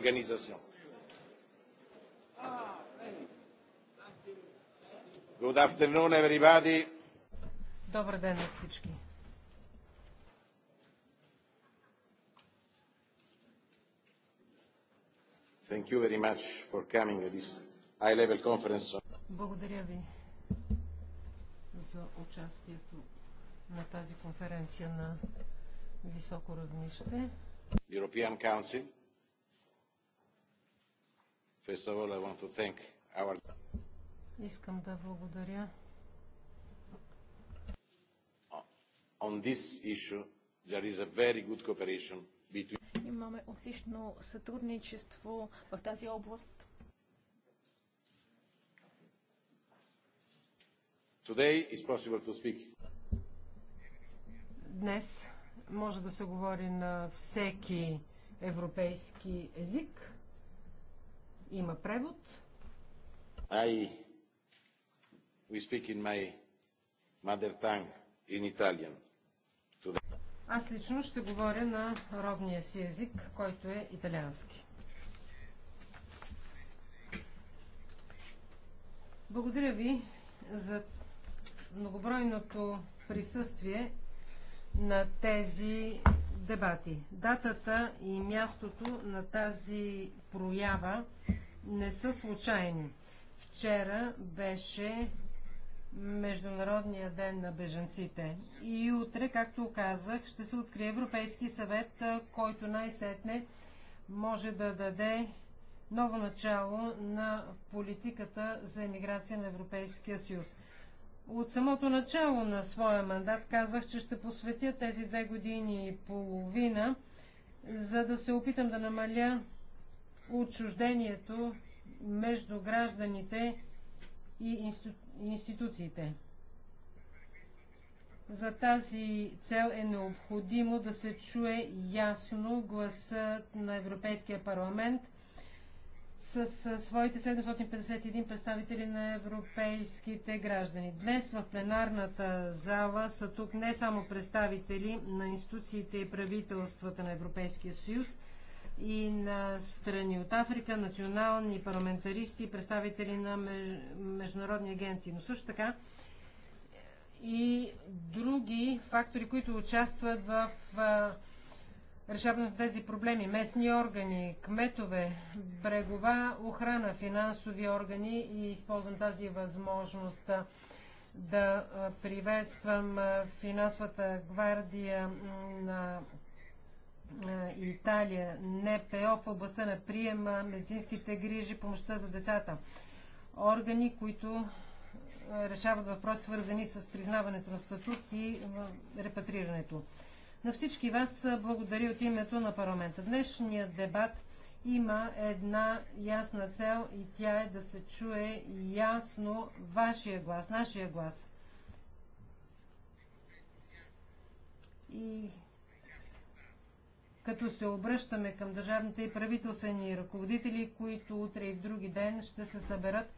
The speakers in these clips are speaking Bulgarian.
organisation. Good afternoon, everybody. Добър ден на всички. Thank you very much for coming to this high-level conference. Благодаря ви за участието на тази конференция на високо равнище. European Council First of all, I want to thank our... Искам да благодаря uh, on this issue there is a very good cooperation between Имаме отлично сътрудничество в тази област. Today is possible to speak. Днес може да се говори на всеки европейски език. Има превод. I... We speak in my mother tongue, in Italian. Today. Аз лично ще говоря на родния си език, който е италиански. Благодаря ви за многобройното присъствие на тези дебати. Датата и мястото на тази проява не са случайни. Вчера беше Международния ден на бежанците. И утре, както казах, ще се открие Европейски съвет, който най-сетне може да даде ново начало на политиката за емиграция на Европейския съюз. От самото начало на своя мандат казах, че ще посветя тези две години и половина, за да се опитам да намаля отчуждението между гражданите и институциите. За тази цел е необходимо да се чуе ясно гласът на Европейския парламент с, с своите 751 представители на европейските граждани. Днес в пленарната зала са тук не само представители на институциите и правителствата на Европейския съюз, и на страни от Африка, национални парламентаристи представители на международни агенции. Но също така и други фактори, които участват в решаването на тези проблеми. Местни органи, кметове, брегова охрана, финансови органи и използвам тази възможност да приветствам финансовата гвардия на Италия, НПО в областта на приема, медицинските грижи, помощта за децата. Органи, които решават въпроси, свързани с признаването на статут и репатрирането. На всички вас благодаря от името на парламента. Днешният дебат има една ясна цел и тя е да се чуе ясно вашия глас, нашия глас. И като се обръщаме към държавните и правителствени ръководители, които утре и в други ден ще се съберат,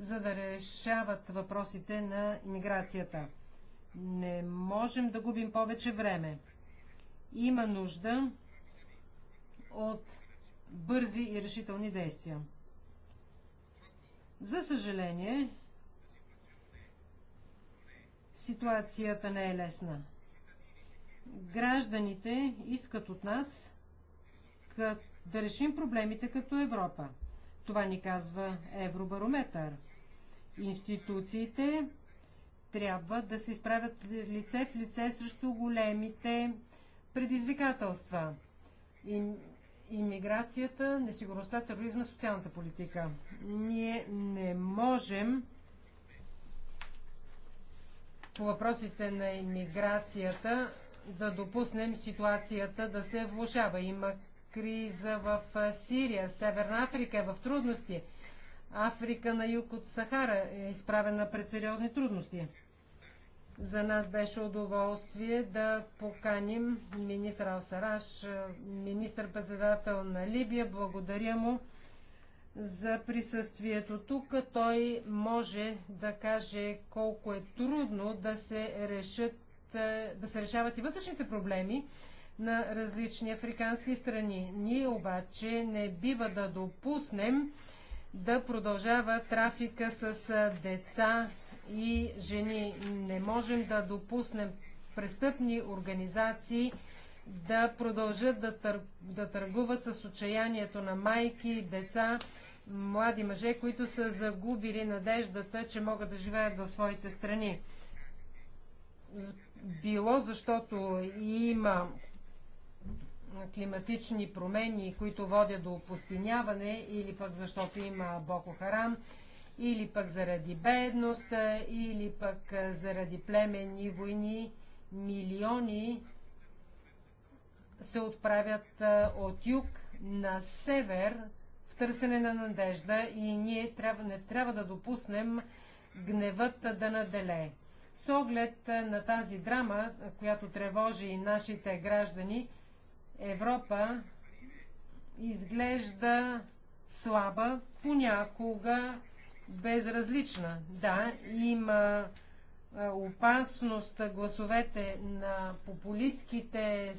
за да решават въпросите на иммиграцията. Не можем да губим повече време. Има нужда от бързи и решителни действия. За съжаление, ситуацията не е лесна. Гражданите искат от нас как, да решим проблемите като Европа. Това ни казва Евробарометър. Институциите трябва да се изправят лице в лице срещу големите предизвикателства. Им, иммиграцията, несигурността, тероризма, социалната политика. Ние не можем по въпросите на иммиграцията да допуснем ситуацията да се влушава. Има криза в Сирия, Северна Африка е в трудности. Африка на юг от Сахара е изправена пред сериозни трудности. За нас беше удоволствие да поканим министър Алсараш, министър-председател на Либия. Благодаря му за присъствието тук. Той може да каже колко е трудно да се решат е, да се решават и вътрешните проблеми на различни африкански страни. Ние обаче не бива да допуснем да продължава трафика с е, деца и жени. Не можем да допуснем престъпни организации да продължат да, тър... да търгуват с отчаянието на майки, деца, млади мъже, които са загубили надеждата, че могат да живеят в своите страни било защото има климатични промени, които водят до опустиняване, или пък защото има Боко Харам, или пък заради бедност, или пък заради племенни войни, милиони се отправят от юг на север в търсене на надежда и ние трябва, не трябва да допуснем гневът да наделе. С оглед на тази драма, която тревожи и нашите граждани, Европа изглежда слаба, понякога безразлична. Да, има опасност гласовете на популистските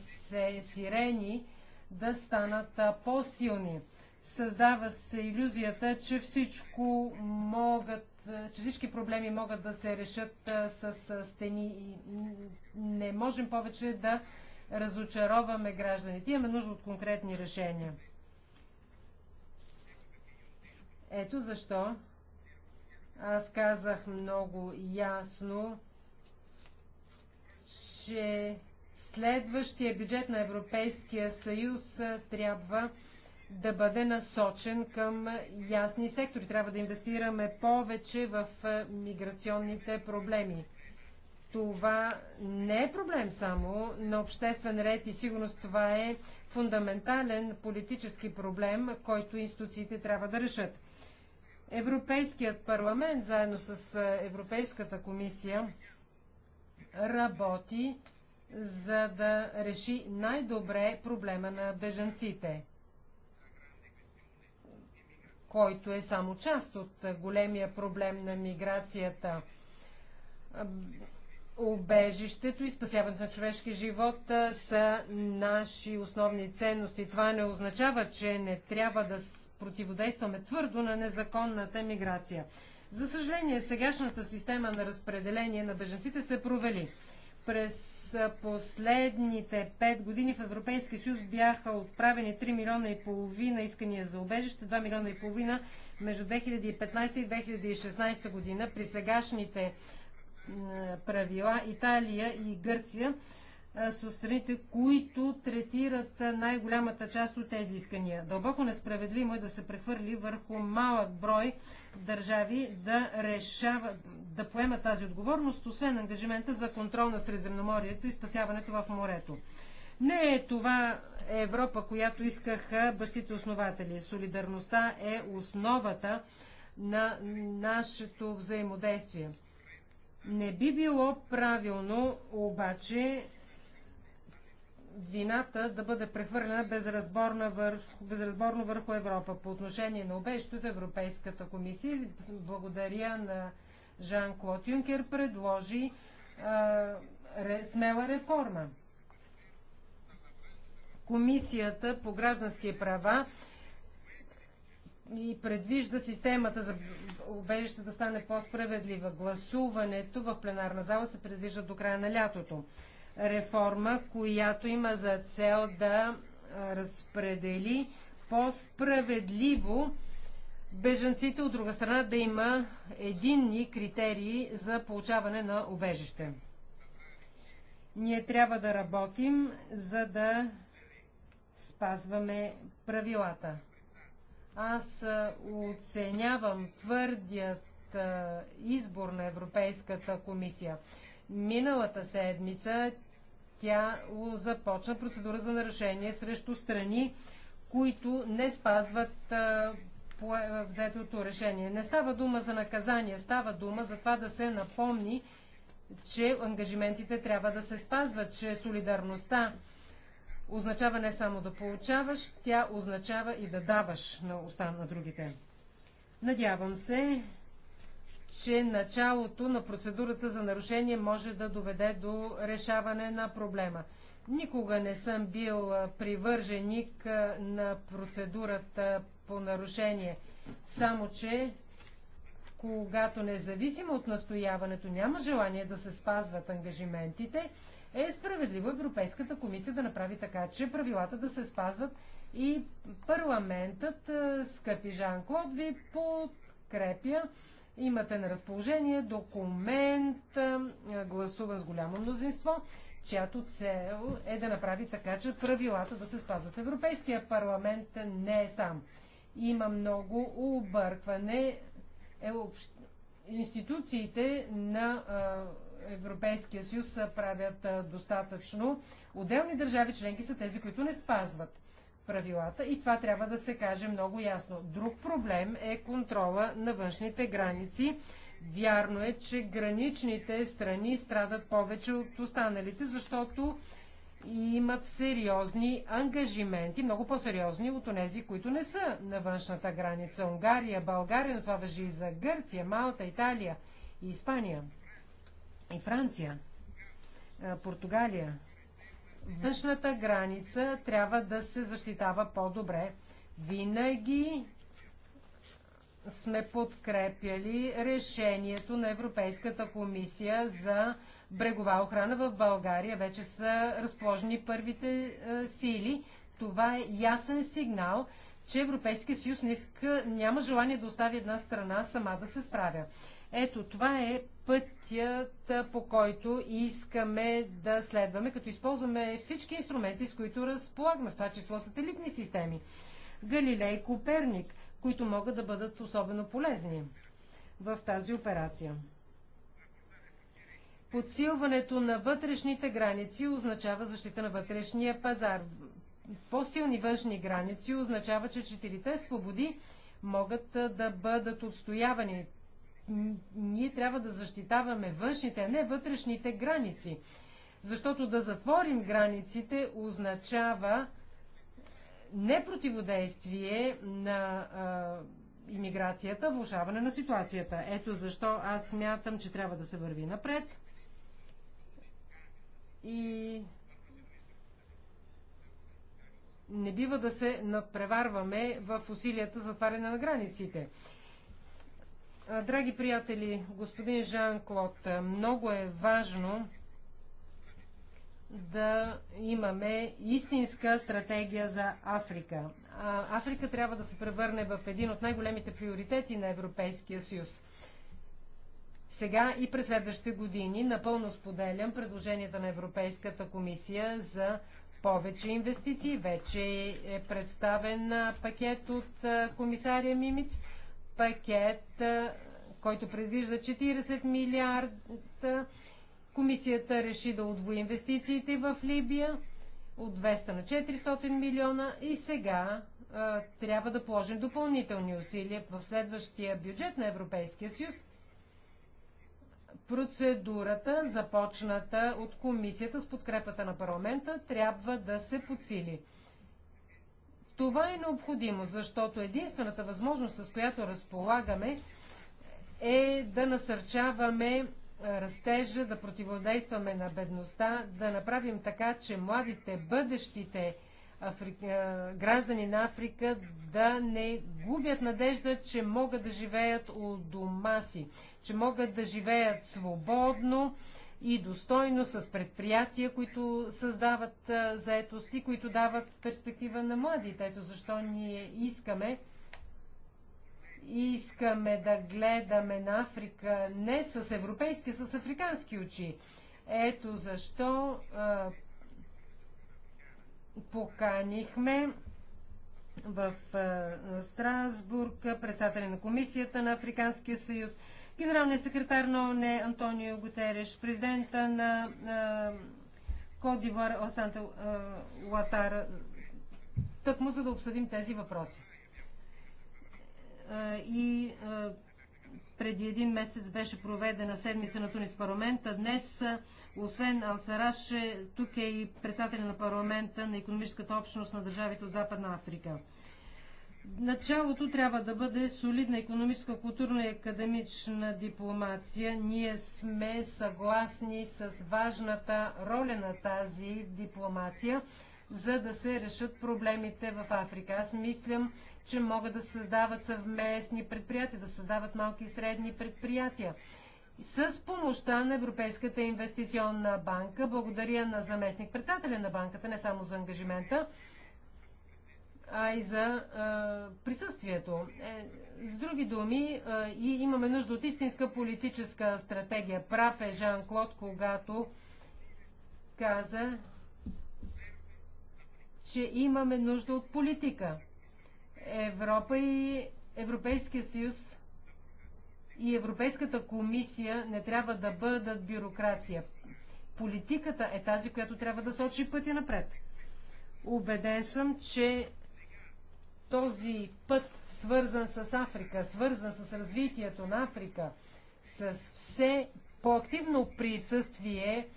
сирени да станат по-силни. Създава се иллюзията, че всичко могат е, че всички проблеми могат да се решат е, с е, стени и не можем повече да разочароваме гражданите. Имаме нужда от конкретни решения. Ето защо аз казах много ясно, че следващия бюджет на Европейския съюз трябва да бъде насочен към ясни сектори. Трябва да инвестираме повече в е, миграционните проблеми. Това не е проблем само на обществен ред и сигурност. Това е фундаментален политически проблем, който институциите трябва да решат. Европейският парламент, заедно с е, Европейската комисия, работи за да реши най-добре проблема на бежанците който е само част от големия проблем на миграцията. Обежището и спасяването на човешки живот са наши основни ценности. Това не означава, че не трябва да противодействаме твърдо на незаконната миграция. За съжаление, сегашната система на разпределение на беженците се провели. През последните 5 години в Европейския съюз бяха отправени 3 милиона и половина искания за убежище, 2 милиона и половина между 2015 и 2016 година. При сегашните правила Италия и Гърция с страните, които третират най-голямата част от тези искания. Дълбоко несправедливо е да се прехвърли върху малък брой държави да решава, да поема тази отговорност, освен ангажимента за контрол на Средземноморието и спасяването в морето. Не е това Европа, която искаха бащите основатели. Солидарността е основата на нашето взаимодействие. Не би било правилно обаче вината да бъде прехвърлена безразборно, вър... безразборно върху Европа. По отношение на обещето Европейската комисия, благодаря на Жан-Клод Юнкер, предложи а, ре... смела реформа. Комисията по граждански права и предвижда системата за убежище да стане по-справедлива. Гласуването в пленарна зала се предвижда до края на лятото реформа, която има за цел да разпредели по-справедливо бежанците, от друга страна да има единни критерии за получаване на обежище. Ние трябва да работим, за да спазваме правилата. Аз оценявам твърдият избор на Европейската комисия. Миналата седмица тя започна процедура за нарушение срещу страни, които не спазват взетото решение. Не става дума за наказание, става дума за това да се напомни, че ангажиментите трябва да се спазват, че солидарността означава не само да получаваш, тя означава и да даваш на уста на другите. Надявам се, че началото на процедурата за нарушение може да доведе до решаване на проблема. Никога не съм бил привърженик на процедурата по нарушение, само че когато независимо от настояването няма желание да се спазват ангажиментите, е справедливо Европейската комисия да направи така, че правилата да се спазват и парламентът, скъпи Жан-Клод, ви подкрепя Имате на разположение документ, гласуван с голямо мнозинство, чиято цел е да направи така, че правилата да се спазват. Европейския парламент не е сам. Има много объркване. Е, общ... Институциите на Европейския съюз правят достатъчно. Отделни държави членки са тези, които не спазват правилата и това трябва да се каже много ясно. Друг проблем е контрола на външните граници. Вярно е, че граничните страни страдат повече от останалите, защото имат сериозни ангажименти, много по-сериозни от тези, които не са на външната граница. Унгария, България, но това въжи и за Гърция, Малта, Италия и Испания и Франция, е, Португалия. Тъчната граница трябва да се защитава по-добре. Винаги сме подкрепяли решението на Европейската комисия за брегова охрана в България. Вече са разположени първите е, сили. Това е ясен сигнал, че Европейския съюз не иска, няма желание да остави една страна сама да се справя. Ето това е пътят, по който искаме да следваме, като използваме всички инструменти, с които разполагаме, в това число сателитни системи, Галилей и Коперник, които могат да бъдат особено полезни в тази операция. Подсилването на вътрешните граници означава защита на вътрешния пазар. По-силни външни граници означава, че четирите свободи могат да бъдат отстоявани ние трябва да защитаваме външните, а не вътрешните граници. Защото да затворим границите означава непротиводействие на а, иммиграцията, влушаване на ситуацията. Ето защо аз смятам, че трябва да се върви напред. И не бива да се надпреварваме в усилията за затваряне на границите. Драги приятели, господин Жан-Клод, много е важно да имаме истинска стратегия за Африка. Африка трябва да се превърне в един от най-големите приоритети на Европейския съюз. Сега и през следващите години напълно споделям предложенията на Европейската комисия за повече инвестиции. Вече е представен пакет от комисария Мимиц пакет, който предвижда 40 милиарда. Комисията реши да удвои инвестициите в Либия от 200 на 400 милиона и сега а, трябва да положим допълнителни усилия в следващия бюджет на Европейския съюз. Процедурата, започната от комисията с подкрепата на парламента, трябва да се подсили. Това е необходимо, защото единствената възможност, с която разполагаме, е да насърчаваме е, растежа, да противодействаме на бедността, да направим така, че младите, бъдещите Афри... Е, граждани на Африка да не губят надежда, че могат да живеят у дома си, че могат да живеят свободно, и достойно с предприятия, които създават заетост и които дават перспектива на младите. Ето защо ние искаме искаме да гледаме на Африка не с европейски, а с африкански очи. Ето защо а, поканихме в а, Страсбург председателя на Комисията на Африканския съюз, генералният секретар на ОНЕ Антонио Гутереш, президента на Кодивар Осанта Латар, тъкмо за да обсъдим тези въпроси. И преди един месец беше проведена седмица на Тунис парламента. Днес, освен Алсараш, е, тук е и председателя на парламента на економическата общност на държавите от Западна Африка. Началото трябва да бъде солидна економическа, културна и академична дипломация. Ние сме съгласни с важната роля на тази дипломация, за да се решат проблемите в Африка. Аз мислям, че могат да създават съвместни предприятия, да създават малки и средни предприятия. С помощта на Европейската инвестиционна банка, благодаря на заместник председателя на банката, не само за ангажимента, а и за а, присъствието. Е, с други думи, а, и имаме нужда от истинска политическа стратегия. Прав е Жан-Клод, когато каза, че имаме нужда от политика. Европа и Европейския съюз и Европейската комисия не трябва да бъдат бюрокрация. Политиката е тази, която трябва да сочи пътя напред. Обеден съм, че този път, свързан с Африка, свързан с развитието на Африка, с все по-активно присъствие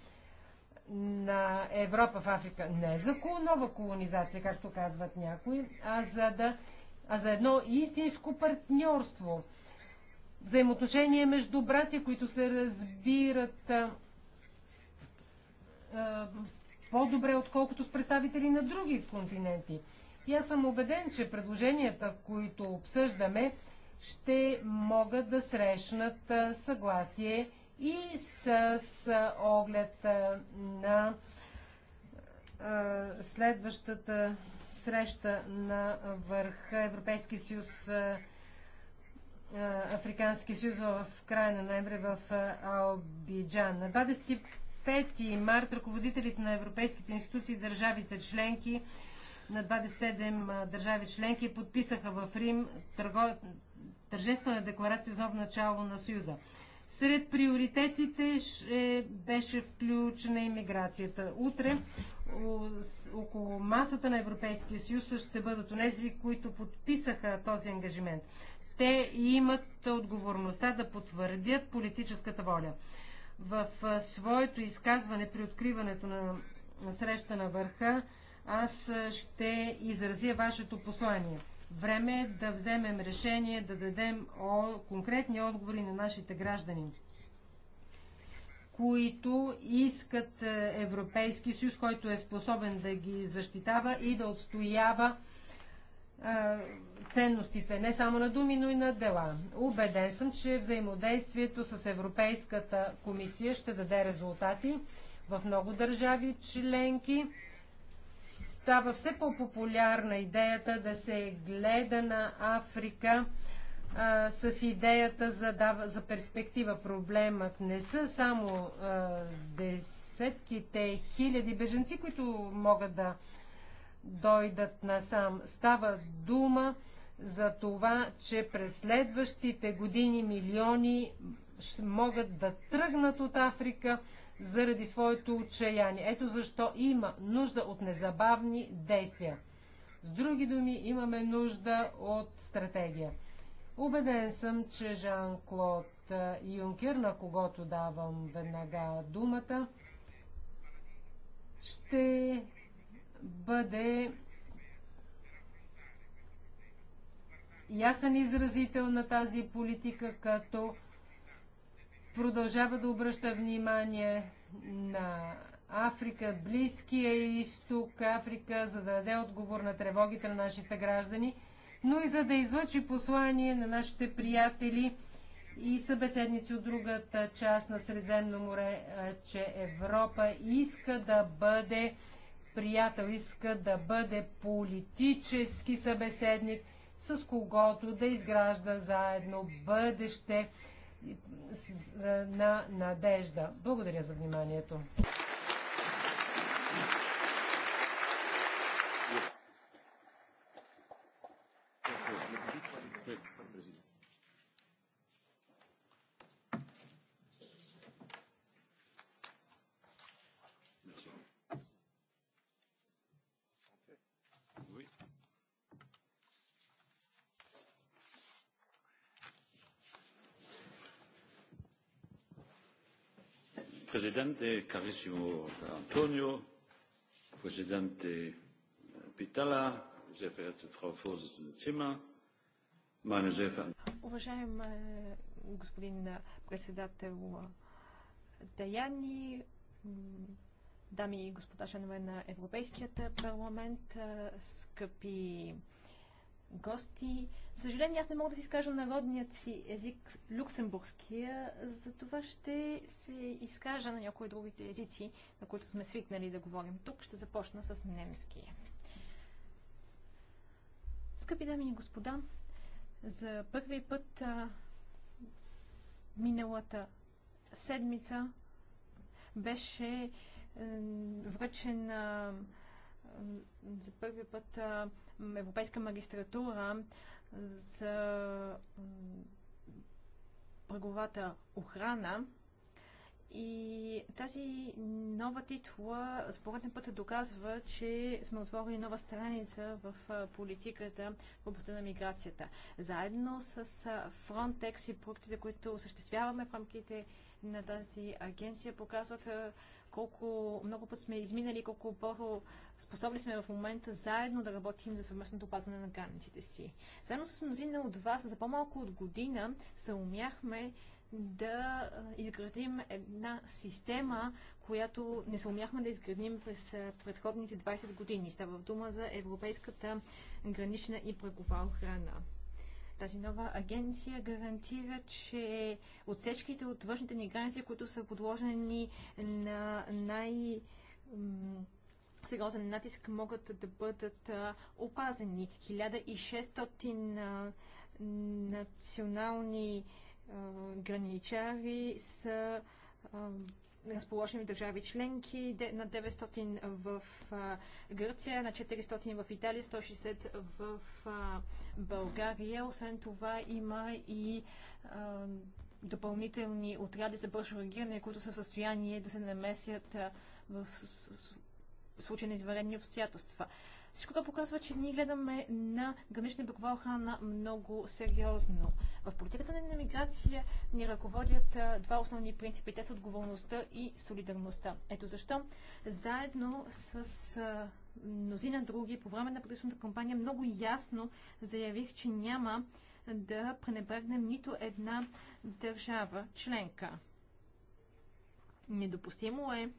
на Европа в Африка. Не за нова колонизация, както казват някои, а за, да, а за едно истинско партньорство. Взаимоотношения между братя, които се разбират а, а, по-добре, отколкото с представители на други континенти. И аз съм убеден, че предложенията, които обсъждаме, ще могат да срещнат съгласие и с, с оглед на следващата среща на върха Европейски съюз Африкански съюз в края на ноември в Албиджан. На 25 март ръководителите на европейските институции и държавите членки на 27 държави членки подписаха в Рим търго... тържествена декларация за ново начало на Съюза. Сред приоритетите е, беше включена иммиграцията. Утре около масата на Европейския съюз ще бъдат онези, които подписаха този ангажимент. Те имат отговорността да потвърдят политическата воля. В своето изказване при откриването на среща на върха, аз ще изразя вашето послание. Време е да вземем решение, да дадем о... конкретни отговори на нашите граждани, които искат Европейски съюз, който е способен да ги защитава и да отстоява ценностите, не само на думи, но и на дела. Убеден съм, че взаимодействието с Европейската комисия ще даде резултати в много държави членки става все по-популярна идеята да се гледа на Африка а, с идеята за, дава, за перспектива. Проблемът не са само а, десетките хиляди беженци, които могат да дойдат насам. Става дума за това, че през следващите години милиони могат да тръгнат от Африка заради своето отчаяние. Ето защо има нужда от незабавни действия. С други думи, имаме нужда от стратегия. Убеден съм, че Жан-Клод Юнкер, на когото давам веднага думата, ще бъде ясен изразител на тази политика, като продължава да обръща внимание на Африка, Близкия изток, Африка, за да даде отговор на тревогите на нашите граждани, но и за да излъчи послание на нашите приятели и събеседници от другата част на Средземно море, че Европа иска да бъде приятел, иска да бъде политически събеседник, с когото да изгражда заедно бъдеще е, на надежда. Благодаря за вниманието. Presidente, carissimo Antonio, Presidente Pitala, sehr verehrte Frau Vorsitzende Zimmer, meine sehr verehrten... Уважаем господин председател Таяни, дами и господа членове на Европейският парламент, скъпи гости. Съжаление, аз не мога да ви изкажа народният си език, люксембургския, за това ще се изкажа на някои другите езици, на които сме свикнали да говорим тук. Ще започна с немския. Скъпи дами и господа, за първи път а, миналата седмица беше а, връчен а, за първи път Европейска магистратура за правовата охрана. И тази нова титла за пореден път доказва, че сме отворили нова страница в политиката в областта на миграцията. Заедно с Frontex и проектите, които осъществяваме в рамките на тази агенция, показват колко много път сме изминали, колко по-способни сме в момента заедно да работим за съвместното опазване на границите си. Заедно с мнозина от вас за по-малко от година се умяхме да изградим една система, която не се умяхме да изградим през предходните 20 години. Става в дума за Европейската гранична и брегова охрана. Тази нова агенция гарантира, че отсечките от външните ни граници, които са подложени на най- сериозен натиск могат да бъдат опазени. 1600 национални граничари са разположени в държави членки, на 900 в Гърция, на 400 в Италия, 160 в България. Освен това има и допълнителни отряди за бързо реагиране, които са в състояние да се намесят в случай на изварени обстоятелства. Всичко това показва, че ние гледаме на гранична брегова охрана много сериозно. В политиката на миграция ни ръководят два основни принципи. Те са отговорността и солидарността. Ето защо заедно с мнозина други по време на предишната кампания много ясно заявих, че няма да пренебрегнем нито една държава членка. Недопустимо е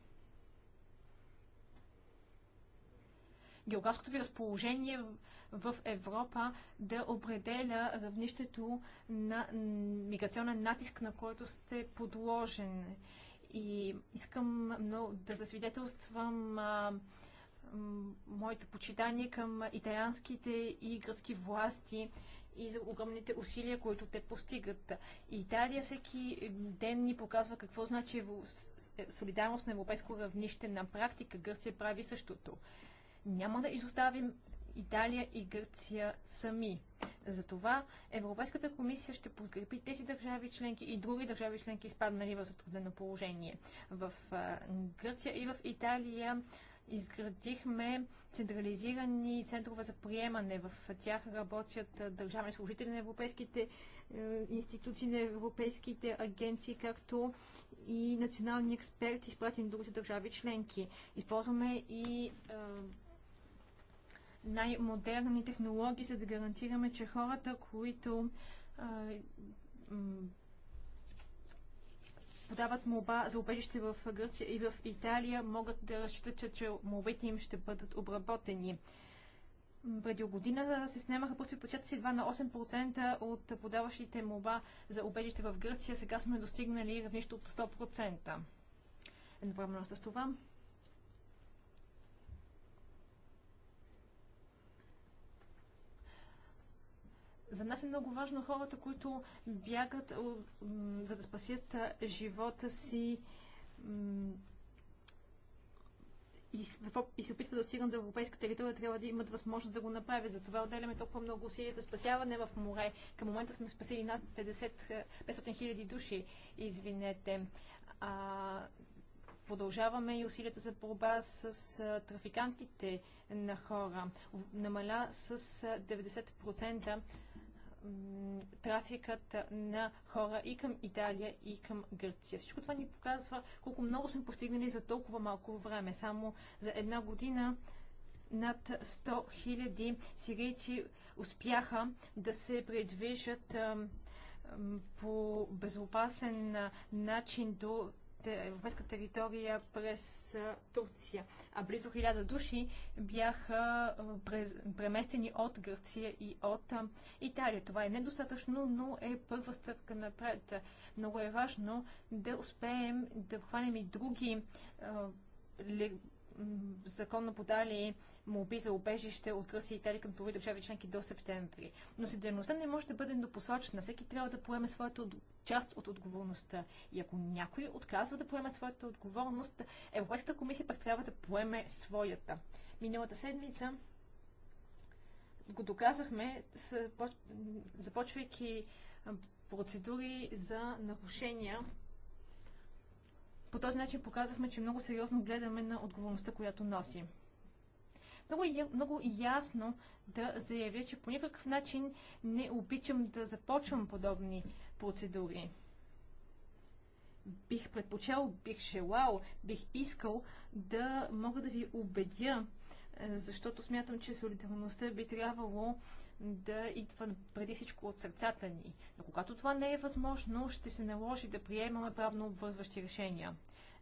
географското ви разположение в Европа да определя равнището на миграционен натиск, на който сте подложен. И искам много да засвидетелствам а, моето почитание към италианските и гръцки власти и за огромните усилия, които те постигат. И Италия всеки ден ни показва какво значи солидарност на европейско равнище. На практика Гърция прави същото. Няма да изоставим Италия и Гърция сами. Затова Европейската комисия ще подкрепи тези държави членки и други държави членки, изпаднали в затруднено положение. В Гърция и в Италия изградихме централизирани центрове за приемане. В тях работят държавни служители на европейските е, институции, на европейските агенции, както и национални експерти, изпратени от другите държави членки. Използваме и най-модерни технологии, за да гарантираме, че хората, които а, подават моба за убежище в Гърция и в Италия, могат да разчитат, че, че им ще бъдат обработени. Преди година се снемаха противопочетци едва на 8% от подаващите молба за убежище в Гърция. Сега сме достигнали равнище от 100%. Едновременно с това За нас е много важно хората, които бягат за да спасят живота си и, се опитват да достигнат до европейска територия, трябва да имат възможност да го направят. Затова отделяме толкова много усилия за спасяване в море. Към момента сме спасили над 50, 500 хиляди души, извинете. А, продължаваме и усилията за борба с а, трафикантите на хора. Намаля с 90% трафикът на хора и към Италия, и към Гърция. Всичко това ни показва колко много сме постигнали за толкова малко време. Само за една година над 100 000 сирийци успяха да се предвижат по безопасен начин до европейска територия през Турция, а близо хиляда души бяха преместени от Гърция и от Италия. Това е недостатъчно, но е първа стъпка напред. Много е важно да успеем да хванем и други законно подали молби за убежище от Гърция и Италия към други държави членки до септември. Но съдебността не може да бъде допосочена, Всеки трябва да поеме своята част от отговорността. И ако някой отказва да поеме своята отговорност, Европейската комисия пък трябва да поеме своята. Миналата седмица го доказахме, започвайки процедури за нарушения. По този начин показахме, че много сериозно гледаме на отговорността, която носим много, много ясно да заявя, че по никакъв начин не обичам да започвам подобни процедури. Бих предпочел, бих желал, бих искал да мога да ви убедя, е, защото смятам, че солидарността би трябвало да идва преди всичко от сърцата ни. Но когато това не е възможно, ще се наложи да приемаме правно обвързващи решения.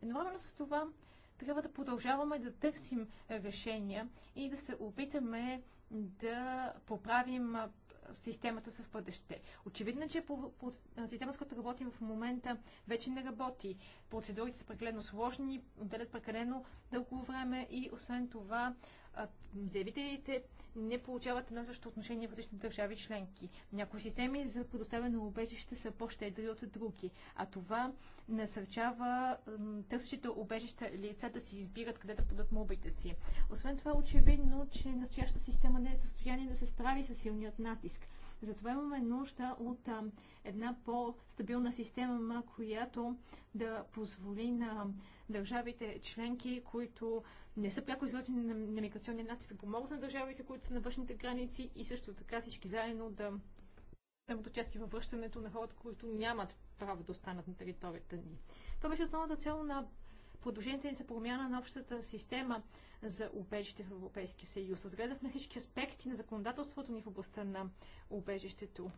Едновременно с това трябва да продължаваме да търсим решения и да се опитаме да поправим системата са в бъдеще. Очевидно че по, по, система, с която работим в момента, вече не работи. Процедурите са прекалено сложни, отделят прекалено дълго време и освен това заявителите не получават едно също отношение вътрешни държави членки. Някои системи за предоставяне на убежище са по-щедри от други, а това насърчава търсещите убежища лица да си избират къде да подат мобите си. Освен това, е очевидно, че настоящата система не е в състояние да се справи с силният натиск. Затова имаме нужда от а, една по-стабилна система, която да позволи на държавите членки, които не са пряко изложени на, на миграционния натиск, да помогнат на държавите, които са на външните граници и също така всички заедно да вземат участие във връщането на хората, които нямат право да останат на територията ни. Това беше основната цел на продължението ни за промяна на общата система за убежище в Европейския съюз. Разгледахме всички аспекти на законодателството ни в областта на убежището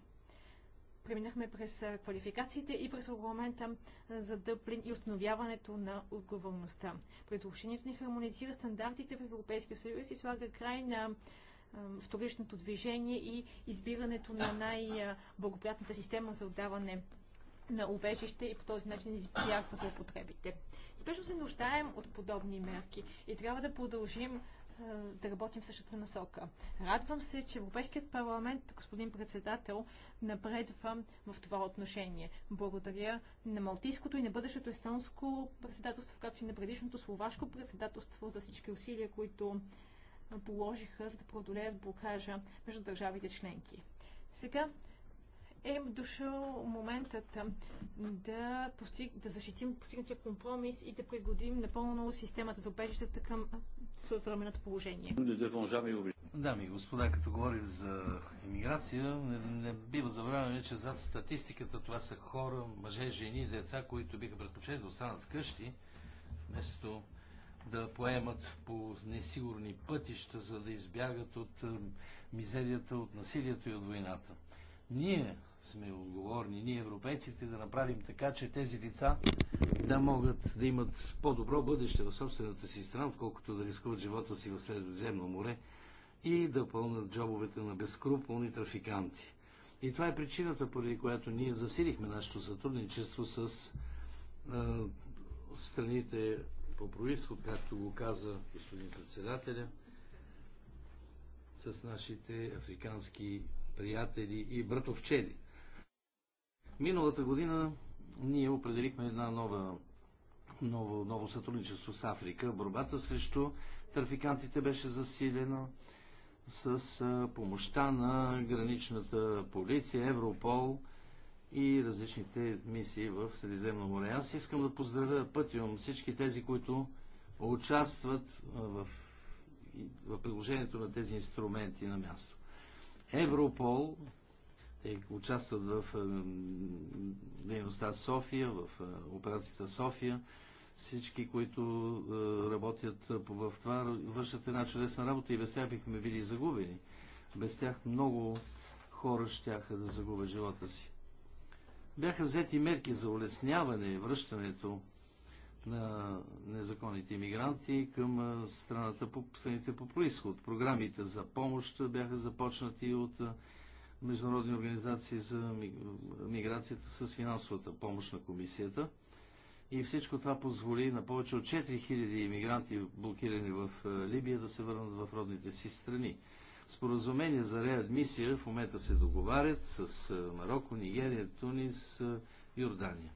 преминахме през квалификациите и през регламента за Дъблин и установяването на отговорността. Предложението ни хармонизира стандартите в Европейския съюз и слага край на вторичното движение и избирането на най-благоприятната система за отдаване на убежище и по този начин избягва злоупотребите. Спешно се нуждаем от подобни мерки и трябва да продължим е, да работим в същата насока. Радвам се, че Европейският парламент, господин председател, напредва в това отношение. Благодаря на Малтийското и на бъдещето естонско председателство, както и на предишното словашко председателство за всички усилия, които положиха, за да преодолеят блокажа между държавите членки. Сега е дошъл моментът да, постиг, да защитим постигнатия компромис и да пригодим напълно системата за обежищата към своевременното положение. Дами и господа, като говорим за иммиграция, не, не бива забравяме, че зад статистиката това са хора, мъже, жени, деца, които биха предпочели да останат вкъщи, вместо да поемат по несигурни пътища, за да избягат от мизерията, от насилието и от войната. Ние сме отговорни, ние европейците, да направим така, че тези лица да могат да имат по-добро бъдеще в собствената си страна, отколкото да рискуват живота си в Средиземно море и да пълнат джобовете на безкруполни трафиканти. И това е причината, поради която ние засилихме нашето сътрудничество с а, страните по происход, както го каза господин председателя, с нашите африкански приятели и братовчели. Миналата година ние определихме една нова, ново, ново сътрудничество с Африка. Борбата срещу трафикантите беше засилена с помощта на граничната полиция, Европол и различните мисии в Средиземно море. Аз искам да поздравя пътиум всички тези, които участват в, в приложението на тези инструменти на място. Европол те участват в е, дейността София, в е, операцията София. Всички, които е, работят в това, вършат една чудесна работа и без тях бихме били загубени. Без тях много хора щяха да загубят живота си. Бяха взети мерки за улесняване връщането на незаконните иммигранти към страната по, страните по происход. Програмите за помощ бяха започнати от международни организации за миграцията с финансовата помощ на комисията. И всичко това позволи на повече от 4000 иммигранти, блокирани в е, Либия, да се върнат в родните си страни. Споразумения за реадмисия в момента се договарят с е, Марокко, Нигерия, Тунис, е, Йордания.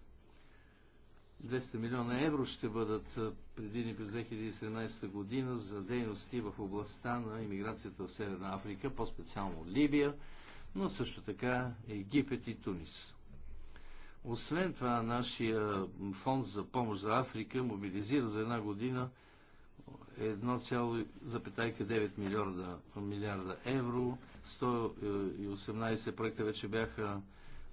200 милиона евро ще бъдат предвидени през 2017 година за дейности в областта на иммиграцията в Северна Африка, по-специално Либия, но също така Египет и Тунис. Освен това, нашия фонд за помощ за Африка мобилизира за една година 1,9 милиарда, милиарда евро. 118 проекта вече бяха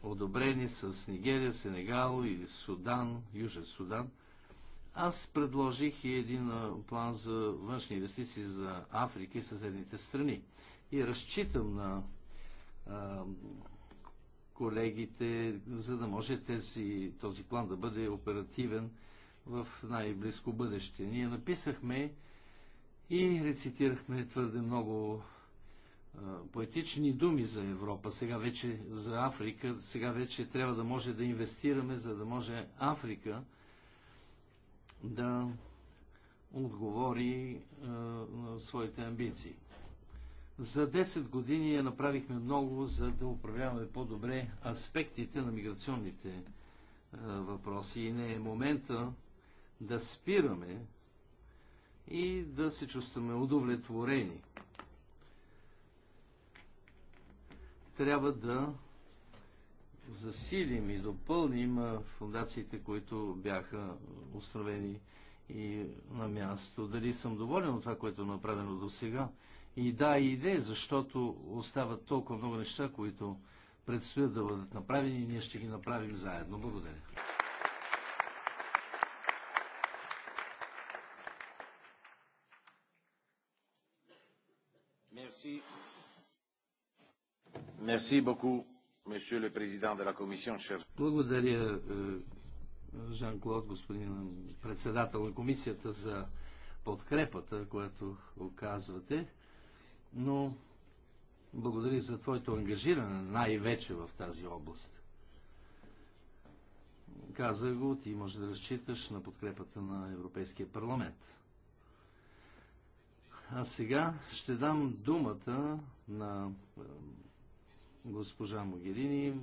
одобрени с Нигерия, Сенегал или Судан, Южен Судан. Аз предложих и един план за външни инвестиции за Африка и съседните страни. И разчитам на колегите, за да може тези, този план да бъде оперативен в най-близко бъдеще. Ние написахме и рецитирахме твърде много поетични думи за Европа, сега вече за Африка, сега вече трябва да може да инвестираме, за да може Африка да отговори на своите амбиции. За 10 години я направихме много, за да управляваме по-добре аспектите на миграционните е, въпроси. И не е момента да спираме и да се чувстваме удовлетворени. Трябва да засилим и допълним е, фундациите, които бяха установени и на място. Дали съм доволен от това, което е направено до сега? И да, и не, защото остават толкова много неща, които предстоят да бъдат направени и ние ще ги направим заедно. Благодаря. Merci. Merci beaucoup, monsieur le président de la commission, chef. Благодаря, е, Жан-Клод, господин председател на комисията, за подкрепата, която оказвате но благодаря за твоето ангажиране най-вече в тази област. Каза го, ти може да разчиташ на подкрепата на Европейския парламент. А сега ще дам думата на госпожа Могерини.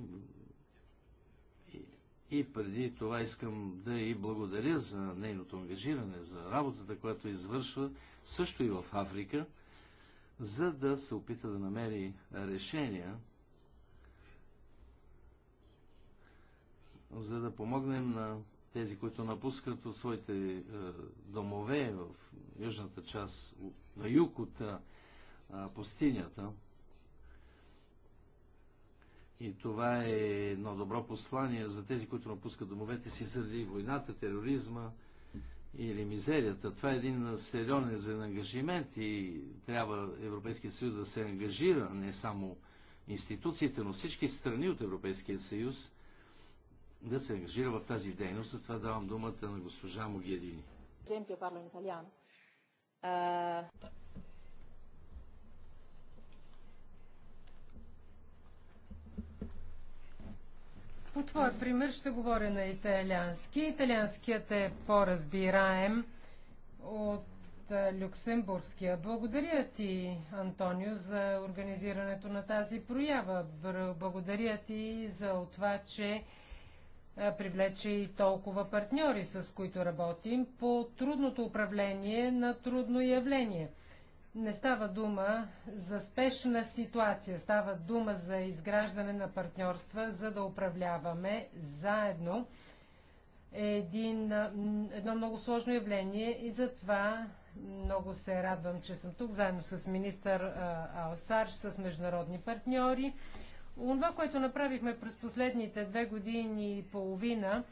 И преди това искам да и благодаря за нейното ангажиране, за работата, която извършва също и в Африка – за да се опита да намери решения, за да помогнем на тези, които напускат от своите домове в южната част, на юг от пустинята. И това е едно добро послание за тези, които напускат домовете си заради войната, тероризма, или мизерията. Това е един сериозен ангажимент и трябва Европейския съюз да се ангажира не само институциите, но всички страни от Европейския съюз да се ангажира в тази дейност. Затова давам думата на госпожа Могерини. По твой пример ще говоря на италиански. Италианският е по-разбираем от люксембургския. Благодаря ти, Антонио, за организирането на тази проява. Благодаря ти за това, че привлече и толкова партньори, с които работим по трудното управление на трудно явление – не става дума за спешна ситуация, става дума за изграждане на партньорства, за да управляваме заедно е един, едно много сложно явление и затова много се радвам, че съм тук, заедно с министър Алсарш, с международни партньори. Това, което направихме през последните две години и половина,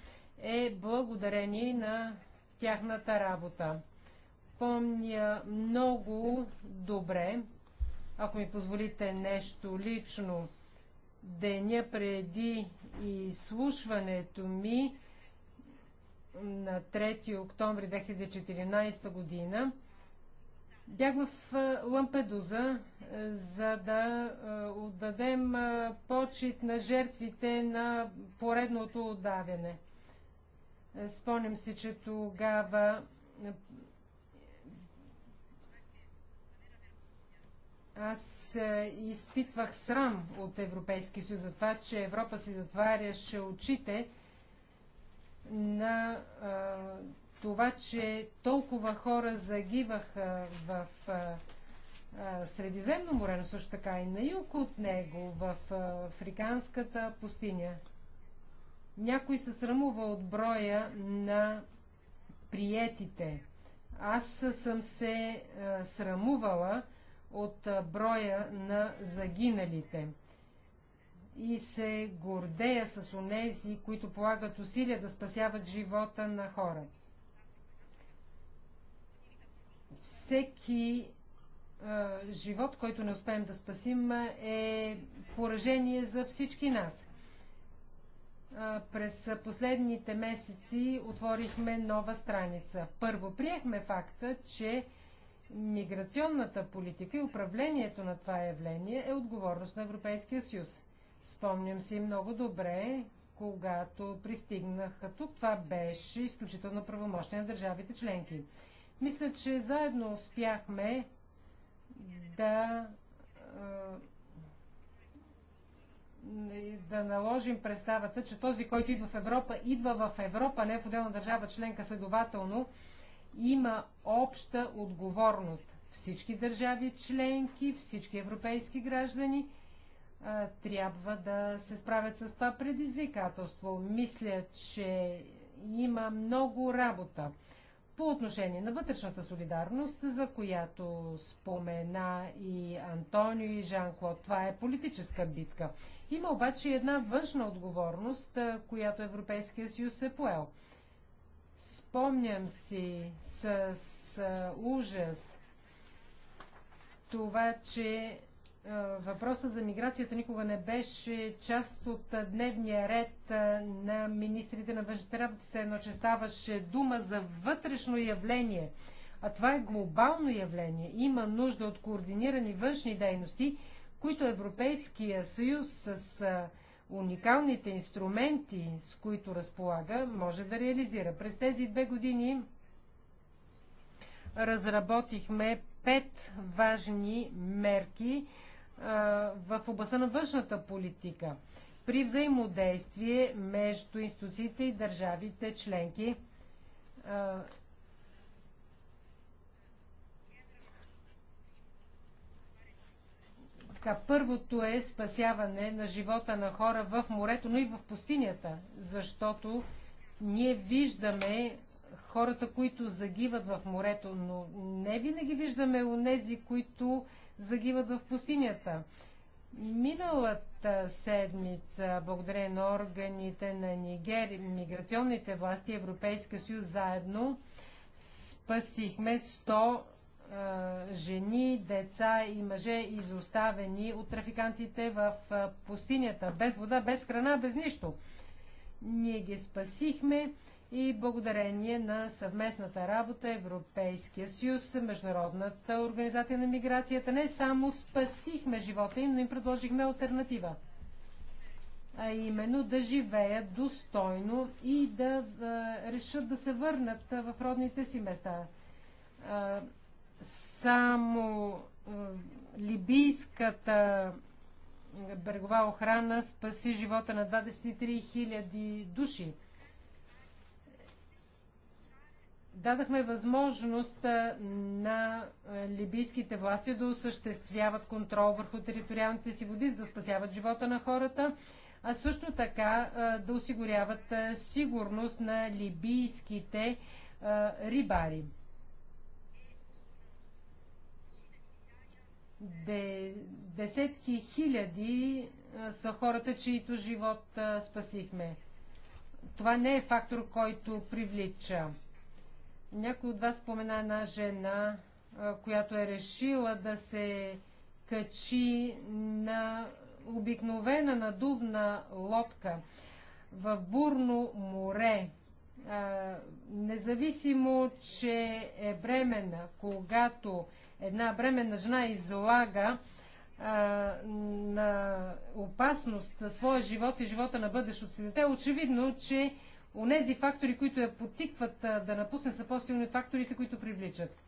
е благодарение на тяхната работа помня много добре, ако ми позволите нещо лично, деня преди изслушването ми на 3 октомври 2014 година, бях в Лампедуза, за да отдадем почет на жертвите на поредното отдавяне. Спомням си, че тогава аз е, изпитвах срам от Европейски съюз за това, че Европа си затваряше очите на а, е, това, че толкова хора загиваха в а, е, Средиземно море, но също така и на юг от него, в а, Африканската пустиня. Някой се срамува от броя на приетите. Аз съм се а, срамувала, от броя на загиналите и се гордея с онези, които полагат усилия да спасяват живота на хора. Всеки е, живот, който не успеем да спасим, е поражение за всички нас. Е, през последните месеци отворихме нова страница. Първо, приехме факта, че Миграционната политика и управлението на това явление е отговорност на Европейския съюз. Спомням си много добре, когато пристигнаха тук, това беше изключително правомощие на държавите членки. Мисля, че заедно успяхме да, е, да наложим представата, че този, който идва в Европа, идва в Европа, не в отделна държава членка, следователно има обща отговорност. Всички държави членки, всички европейски граждани а, трябва да се справят с това предизвикателство. Мисля, че има много работа. По отношение на вътрешната солидарност, за която спомена и Антонио и Жан-Клод, това е политическа битка. Има обаче една външна отговорност, която Европейския съюз е поел – Спомням си с, с ужас това, че въпросът за миграцията никога не беше част от дневния ред на министрите на външните работи, все едно, че ставаше дума за вътрешно явление. А това е глобално явление. Има нужда от координирани външни дейности, които Европейския съюз с уникалните инструменти, с които разполага, може да реализира. През тези две години разработихме пет важни мерки в областта на външната политика при взаимодействие между институциите и държавите членки. Така, първото е спасяване на живота на хора в морето, но и в пустинята, защото ние виждаме хората, които загиват в морето, но не винаги виждаме онези, които загиват в пустинята. Миналата седмица, благодарение на органите на Нигер, миграционните власти Европейска съюз заедно спасихме 100 жени, деца и мъже изоставени от трафикантите в пустинята, без вода, без храна, без нищо. Ние ги спасихме и благодарение на съвместната работа Европейския съюз, Международната организация на миграцията, не само спасихме живота им, но им предложихме альтернатива. А именно да живеят достойно и да, да решат да се върнат в родните си места само либийската брегова охрана спаси живота на 23 000 души. Дадахме възможност на либийските власти да осъществяват контрол върху териториалните си води, за да спасяват живота на хората, а също така да осигуряват сигурност на либийските рибари. Де, десетки хиляди а, са хората, чието живот а, спасихме. Това не е фактор, който привлича. Някой от вас спомена една жена, а, която е решила да се качи на обикновена надувна лодка в бурно море. А, независимо, че е бремена, когато една бременна жена излага а, на опасност своя живот и живота на бъдещото си дете, е очевидно, че у нези фактори, които я потикват а, да напусне, са по-силни факторите, които привличат.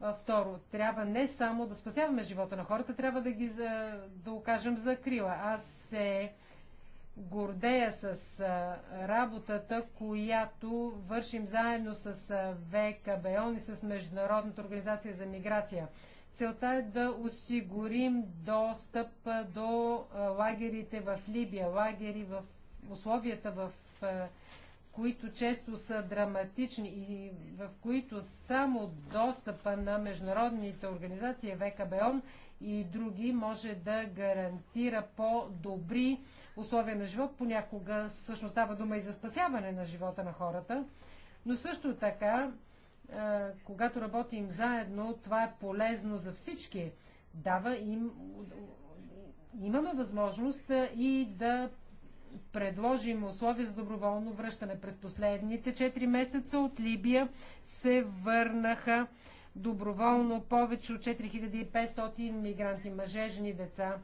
А, второ, трябва не само да спасяваме живота на хората, трябва да ги за, да окажем за крила. Аз се гордея с работата, която вършим заедно с ВКБОН и с Международната организация за миграция. Целта е да осигурим достъп до лагерите в Либия, лагери в условията, в които често са драматични и в които само достъпа на международните организации е ВКБОН и други може да гарантира по-добри условия на живот. Понякога всъщност става дума и за спасяване на живота на хората. Но също така, когато работим заедно, това е полезно за всички. Дава им, имаме възможност и да предложим условия за доброволно връщане. През последните 4 месеца от Либия се върнаха доброволно повече от 4500 мигранти, мъже, жени, деца.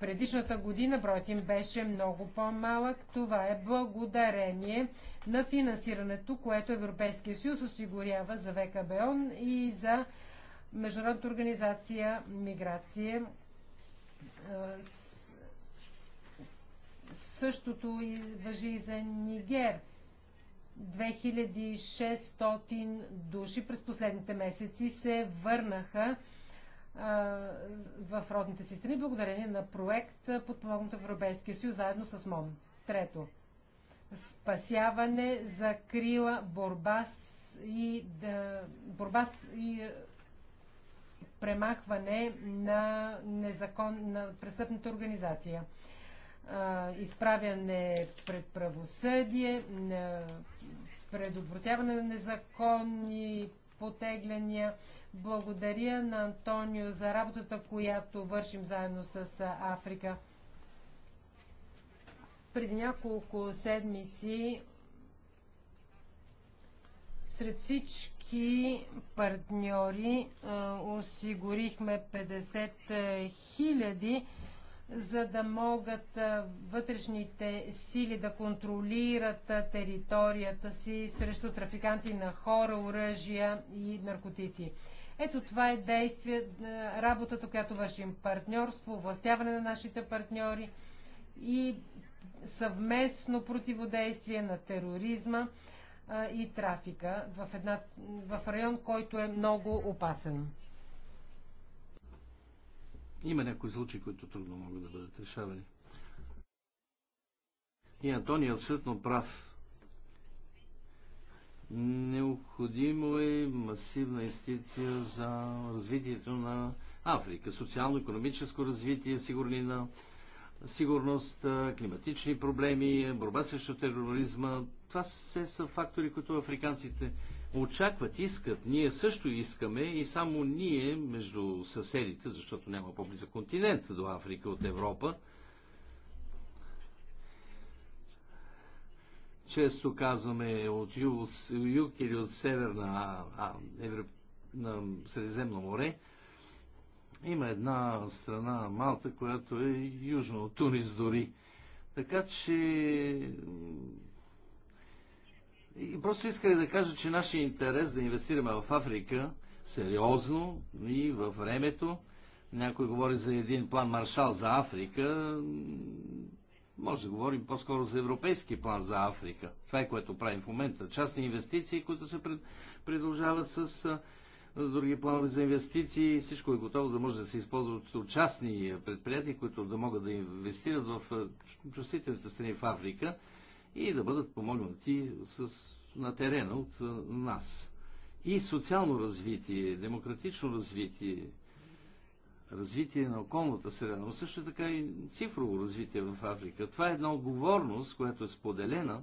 Предишната година броят им беше много по-малък. Това е благодарение на финансирането, което Европейския съюз осигурява за ВКБОН и за Международната организация Миграция. Същото и въжи и за Нигер – 2600 души през последните месеци се върнаха а, в родните си страни, благодарение на проект подпомогнат в Европейския съюз, заедно с МОН. Трето. Спасяване, закрила, борба с и, да, борба с и премахване на, незакон, на престъпната организация. А, изправяне пред правосъдие, на предотвратяване на незаконни потегляния. Благодаря на Антонио за работата, която вършим заедно с Африка. Преди няколко седмици сред всички партньори осигурихме 50 хиляди за да могат вътрешните сили да контролират територията си срещу трафиканти на хора, оръжия и наркотици. Ето това е действие, работата, която вършим. Партньорство, властяване на нашите партньори и съвместно противодействие на тероризма и трафика в, една, в район, който е много опасен. Има някои случаи, които трудно могат да бъдат решавани. И Антони е абсолютно прав. Необходимо е масивна инвестиция за развитието на Африка. Социално-економическо развитие, на сигурност, климатични проблеми, борба срещу тероризма. Това все са фактори, които африканците очакват, искат. Ние също искаме и само ние между съседите, защото няма по-близък континент до Африка от Европа, често казваме от юг, юг или от север на, а, Европ... на Средиземно море, има една страна, Малта, която е южно от Тунис дори. Така че и просто исках да кажа, че нашия интерес да инвестираме в Африка сериозно и във времето. Някой говори за един план Маршал за Африка. Може да говорим по-скоро за европейски план за Африка. Това е което правим в момента. Частни инвестиции, които се предложават продължават с други планове за инвестиции. Всичко е готово да може да се използват от частни предприятия, които да могат да инвестират в чувствителните страни в Африка и да бъдат помогнати с, на терена от нас. И социално развитие, демократично развитие, развитие на околната среда, но също така и цифрово развитие в Африка. Това е една отговорност, която е споделена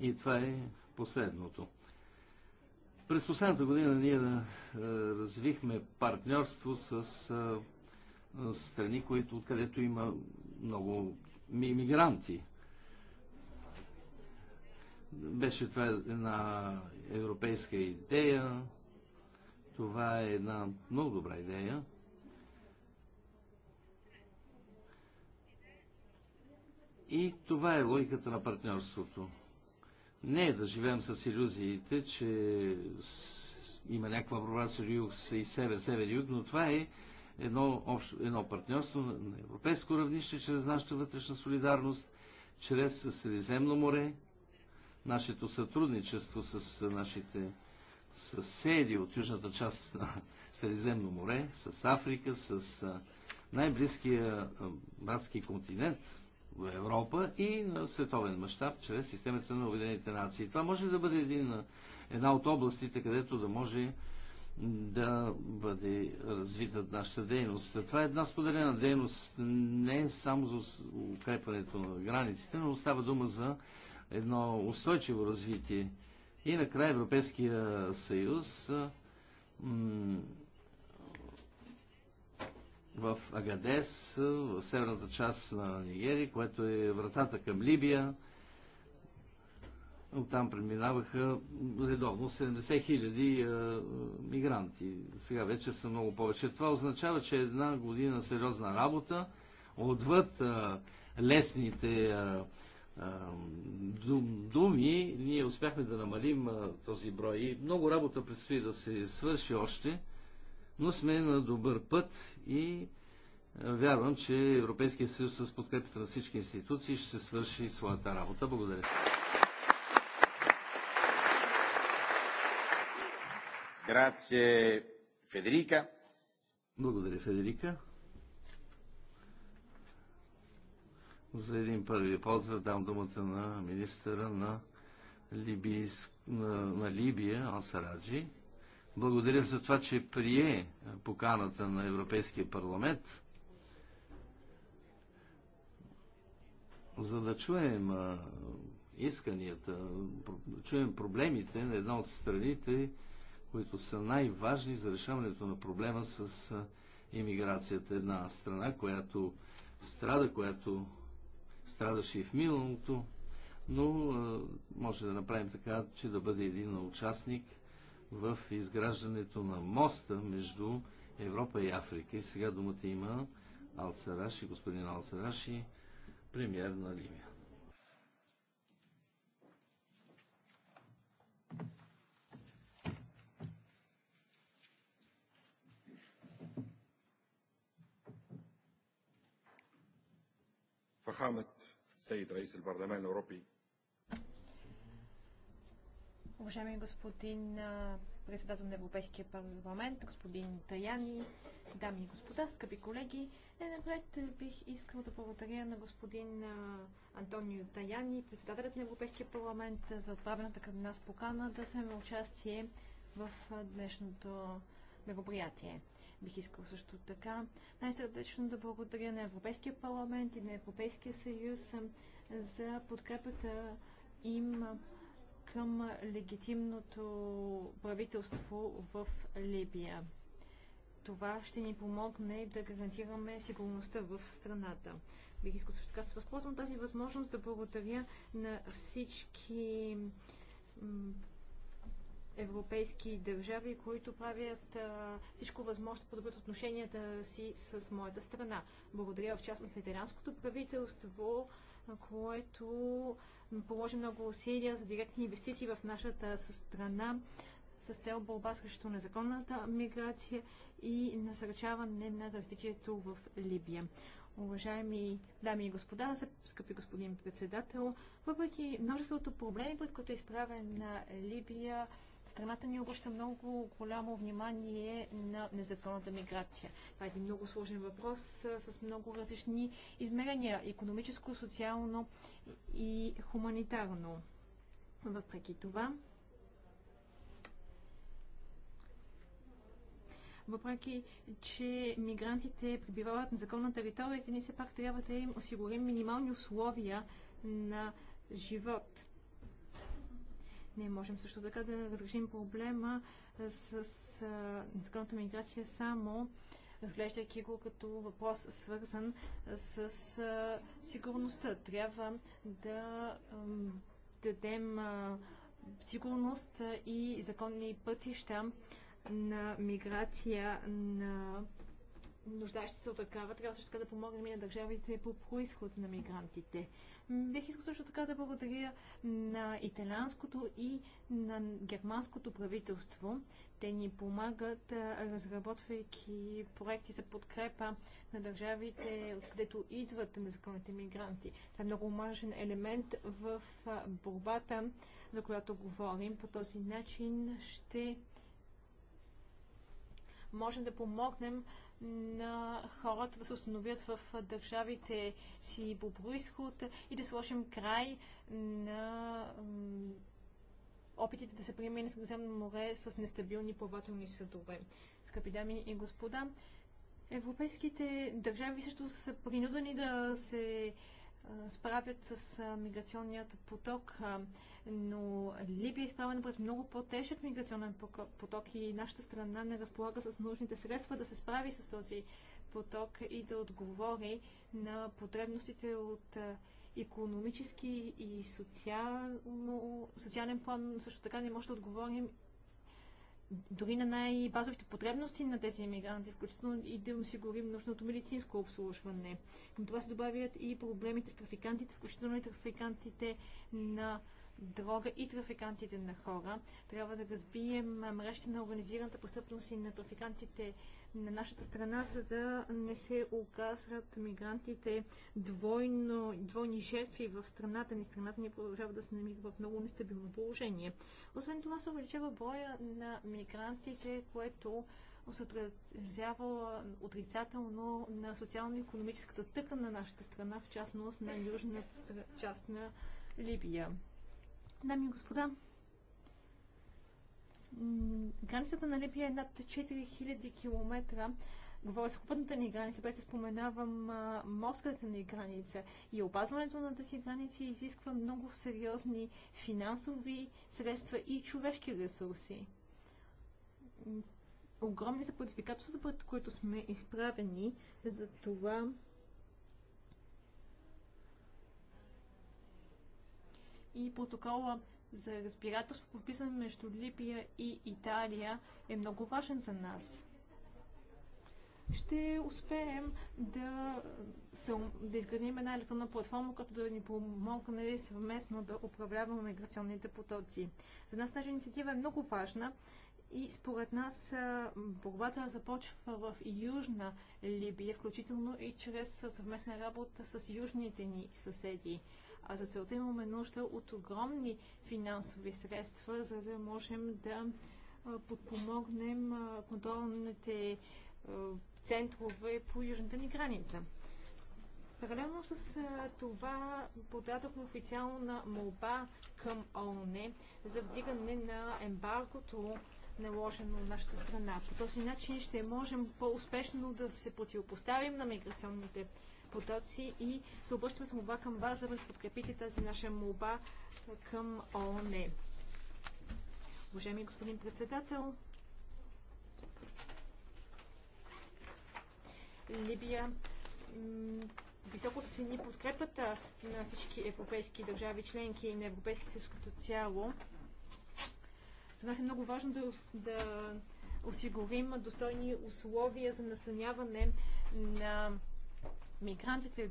и това е последното. През последната година ние развихме партньорство с страни, които, откъдето има много мигранти. Беше това една европейска идея. Това е една много добра идея. И това е логиката на партньорството. Не е да живеем с иллюзиите, че има някаква борба с юг и север, север и юг, но това е едно, общо, едно партньорство на европейско равнище, чрез нашата вътрешна солидарност, чрез Средиземно море, нашето сътрудничество с нашите съседи от южната част на Средиземно море, с Африка, с най-близкия братски континент в Европа и на световен мащаб, чрез системата на Обединените нации. Това може да бъде един, една от областите, където да може да бъде развита нашата дейност. Това е една споделена дейност не само за укрепването на границите, но остава дума за едно устойчиво развитие. И накрая Европейския съюз в Агадес, в северната част на Нигерия, което е вратата към Либия. Оттам преминаваха редовно 70 хиляди мигранти. Сега вече са много повече. Това означава, че една година сериозна работа, отвъд лесните а, думи, ние успяхме да намалим този брой. И много работа предстои да се свърши още, но сме на добър път и вярвам, че Европейския съюз с подкрепата на всички институции ще се свърши своята работа. Благодаря. Grazie, Federica. Благодаря, Федерика. За един първи поздрав дам думата на министъра на, Либийс... на, на Либия, Осараджи. Благодаря за това, че прие поканата на Европейския парламент, за да чуем исканията, да чуем проблемите на една от страните, които са най-важни за решаването на проблема с имиграцията. Една страна, която страда, която страдаше и в миналото, но може да направим така, че да бъде един участник в изграждането на моста между Европа и Африка. И сега думата има Алцараши, господин Алцараши, премьер на Ливия. Фахамет السيد رئيس البرلمان الأوروبي Уважаеми господин председател на Европейския парламент, господин Таяни, дами и господа, скъпи колеги, е, напред бих искал да благодаря на господин Антонио Таяни, председателят на Европейския парламент, за отправената към нас покана да вземе участие в днешното мероприятие. Бих искал също така най-сърдечно да благодаря на Европейския парламент и на Европейския съюз за подкрепата им към легитимното правителство в Либия. Това ще ни помогне да гарантираме сигурността в страната. Бих искал също така да се възползвам тази възможност да благодаря на всички европейски държави, които правят а, всичко възможно да подобрят отношенията си с моята страна. Благодаря в частност на италианското правителство, което положи много усилия за директни инвестиции в нашата страна с цел борба срещу незаконната миграция и насърчаване на развитието в Либия. Уважаеми дами и господа, скъпи господин председател, въпреки множеството проблеми, пред които е изправена Либия, Страната ни обръща много голямо внимание на незаконната миграция. Това е един много сложен въпрос с много различни измерения економическо, социално и хуманитарно. Въпреки това, въпреки че мигрантите прибивават на законна територия, ние все пак трябва да им осигурим минимални условия на живот. Не можем също така да разрешим проблема с, с незаконната миграция само разглеждайки го като въпрос свързан с а, сигурността. Трябва да ам, дадем а, сигурност и законни пътища на миграция на нуждаещи се от такава. Трябва също така да помогнем и на държавите по происход на мигрантите. Бих искал също така да благодаря на италианското и на германското правителство. Те ни помагат, разработвайки проекти за подкрепа на държавите, откъдето идват незаконните мигранти. Това е много важен елемент в борбата, за която говорим. По този начин ще можем да помогнем на хората да се установят в държавите си по происход и да сложим край на опитите да се приеме на Средиземно море с нестабилни плавателни съдове. Скъпи дами и господа, европейските държави също са принудени да се справят с миграционният поток, но Либия е изправена пред много по-тежък миграционен поток и нашата страна не разполага с нужните средства да се справи с този поток и да отговори на потребностите от економически и социално, социален план. Също така не може да отговорим дори на най-базовите потребности на тези иммигранти, включително и да осигурим нужното медицинско обслужване. Към това се добавят и проблемите с трафикантите, включително и трафикантите на дрога и трафикантите на хора. Трябва да разбием мрежите на организираната престъпност и на трафикантите на нашата страна, за да не се оказват мигрантите двойно, двойни жертви в страната ни. Страната ни продължава да се намира в много нестабилно положение. Освен това се увеличава броя на мигрантите, което се отразява отрицателно на социално-економическата тъкан на нашата страна, в частност на южната част на Либия. Дами и господа, Границата на Либия е над 4000 км. Говоря купътната ни граница, без да споменавам а, морската ни граница. И опазването на тези граници изисква много сериозни финансови средства и човешки ресурси. Огромни са предизвикателствата, пред които сме изправени. За това и протокола за разбирателство, подписан между Либия и Италия, е много важен за нас. Ще успеем да, да изградим една електронна платформа, която да ни помогне съвместно да управляваме миграционните потоци. За нас тази инициатива е много важна и според нас борбата започва в Южна Либия, включително и чрез съвместна работа с южните ни съседи. А за целта имаме нужда от огромни финансови средства, за да можем да подпомогнем контролните центрове по южната ни граница. Паралелно с това подадохме официална молба към ООН за вдигане на ембаргото, наложено от нашата страна. По този начин ще можем по-успешно да се противопоставим на миграционните потоци и се обръщам с молба към вас да подкрепите тази наша молба към ООН. Уважаеми господин председател, Либия високо цени подкрепата на всички европейски държави членки и на европейски съюз като цяло. За нас е много важно да, да осигурим достойни условия за настаняване на мигрантите,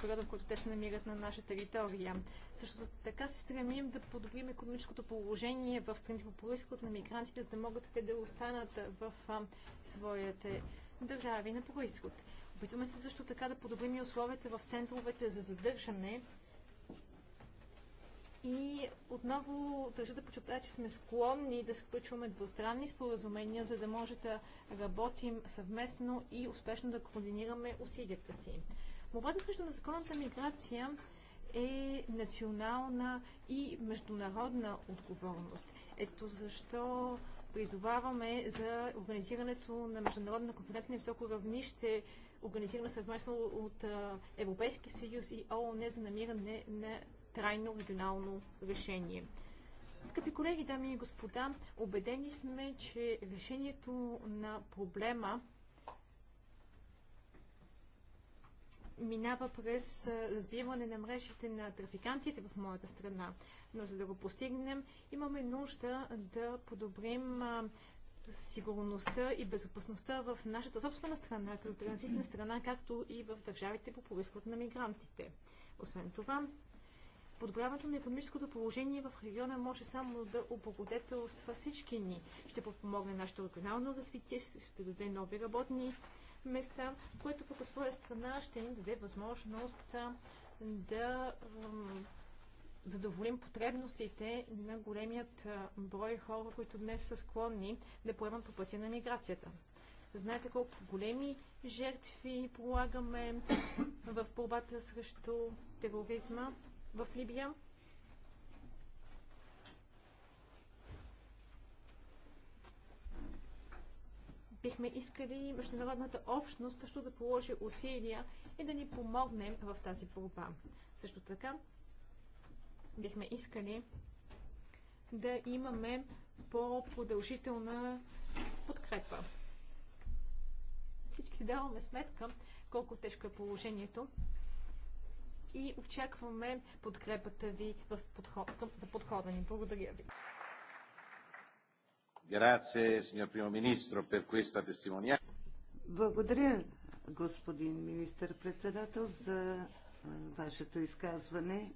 периода, в който те се намират на наша територия. Също така се стремим да подобрим економическото положение в страните по происход на мигрантите, за да могат те да останат в а, своите държави на происход. Опитваме се също така да подобрим и условията в центровете за задържане, и отново държа да почета, че сме склонни да сключваме двустранни споразумения, за да може да работим съвместно и успешно да координираме усилията си. Мобата срещу на законната миграция е национална и международна отговорност. Ето защо призоваваме за организирането на международна конференция на високо равнище, организирана съвместно от Европейския съюз и ООН за намиране на трайно регионално решение. Скъпи колеги, дами и господа, убедени сме, че решението на проблема минава през разбиване на мрежите на трафикантите в моята страна. Но за да го постигнем, имаме нужда да подобрим сигурността и безопасността в нашата собствена страна, като транзитна страна, както и в държавите по происход на мигрантите. Освен това, подобряването на економическото положение в региона може само да облагодетелства всички ни. Ще подпомогне нашето регионално развитие, ще даде нови работни места, което по своя страна ще ни даде възможност да задоволим потребностите на големият брой хора, които днес са склонни да поемат по пътя на миграцията. Знаете колко големи жертви полагаме в борбата срещу тероризма в Либия. бихме искали международната общност също да положи усилия и да ни помогне в тази борба. Също така, бихме искали да имаме по-продължителна подкрепа. Всички си даваме сметка колко тежко е положението и очакваме подкрепата ви в подход, за подхода ни. Благодаря ви. Благодаря, господин министър-председател, за вашето изказване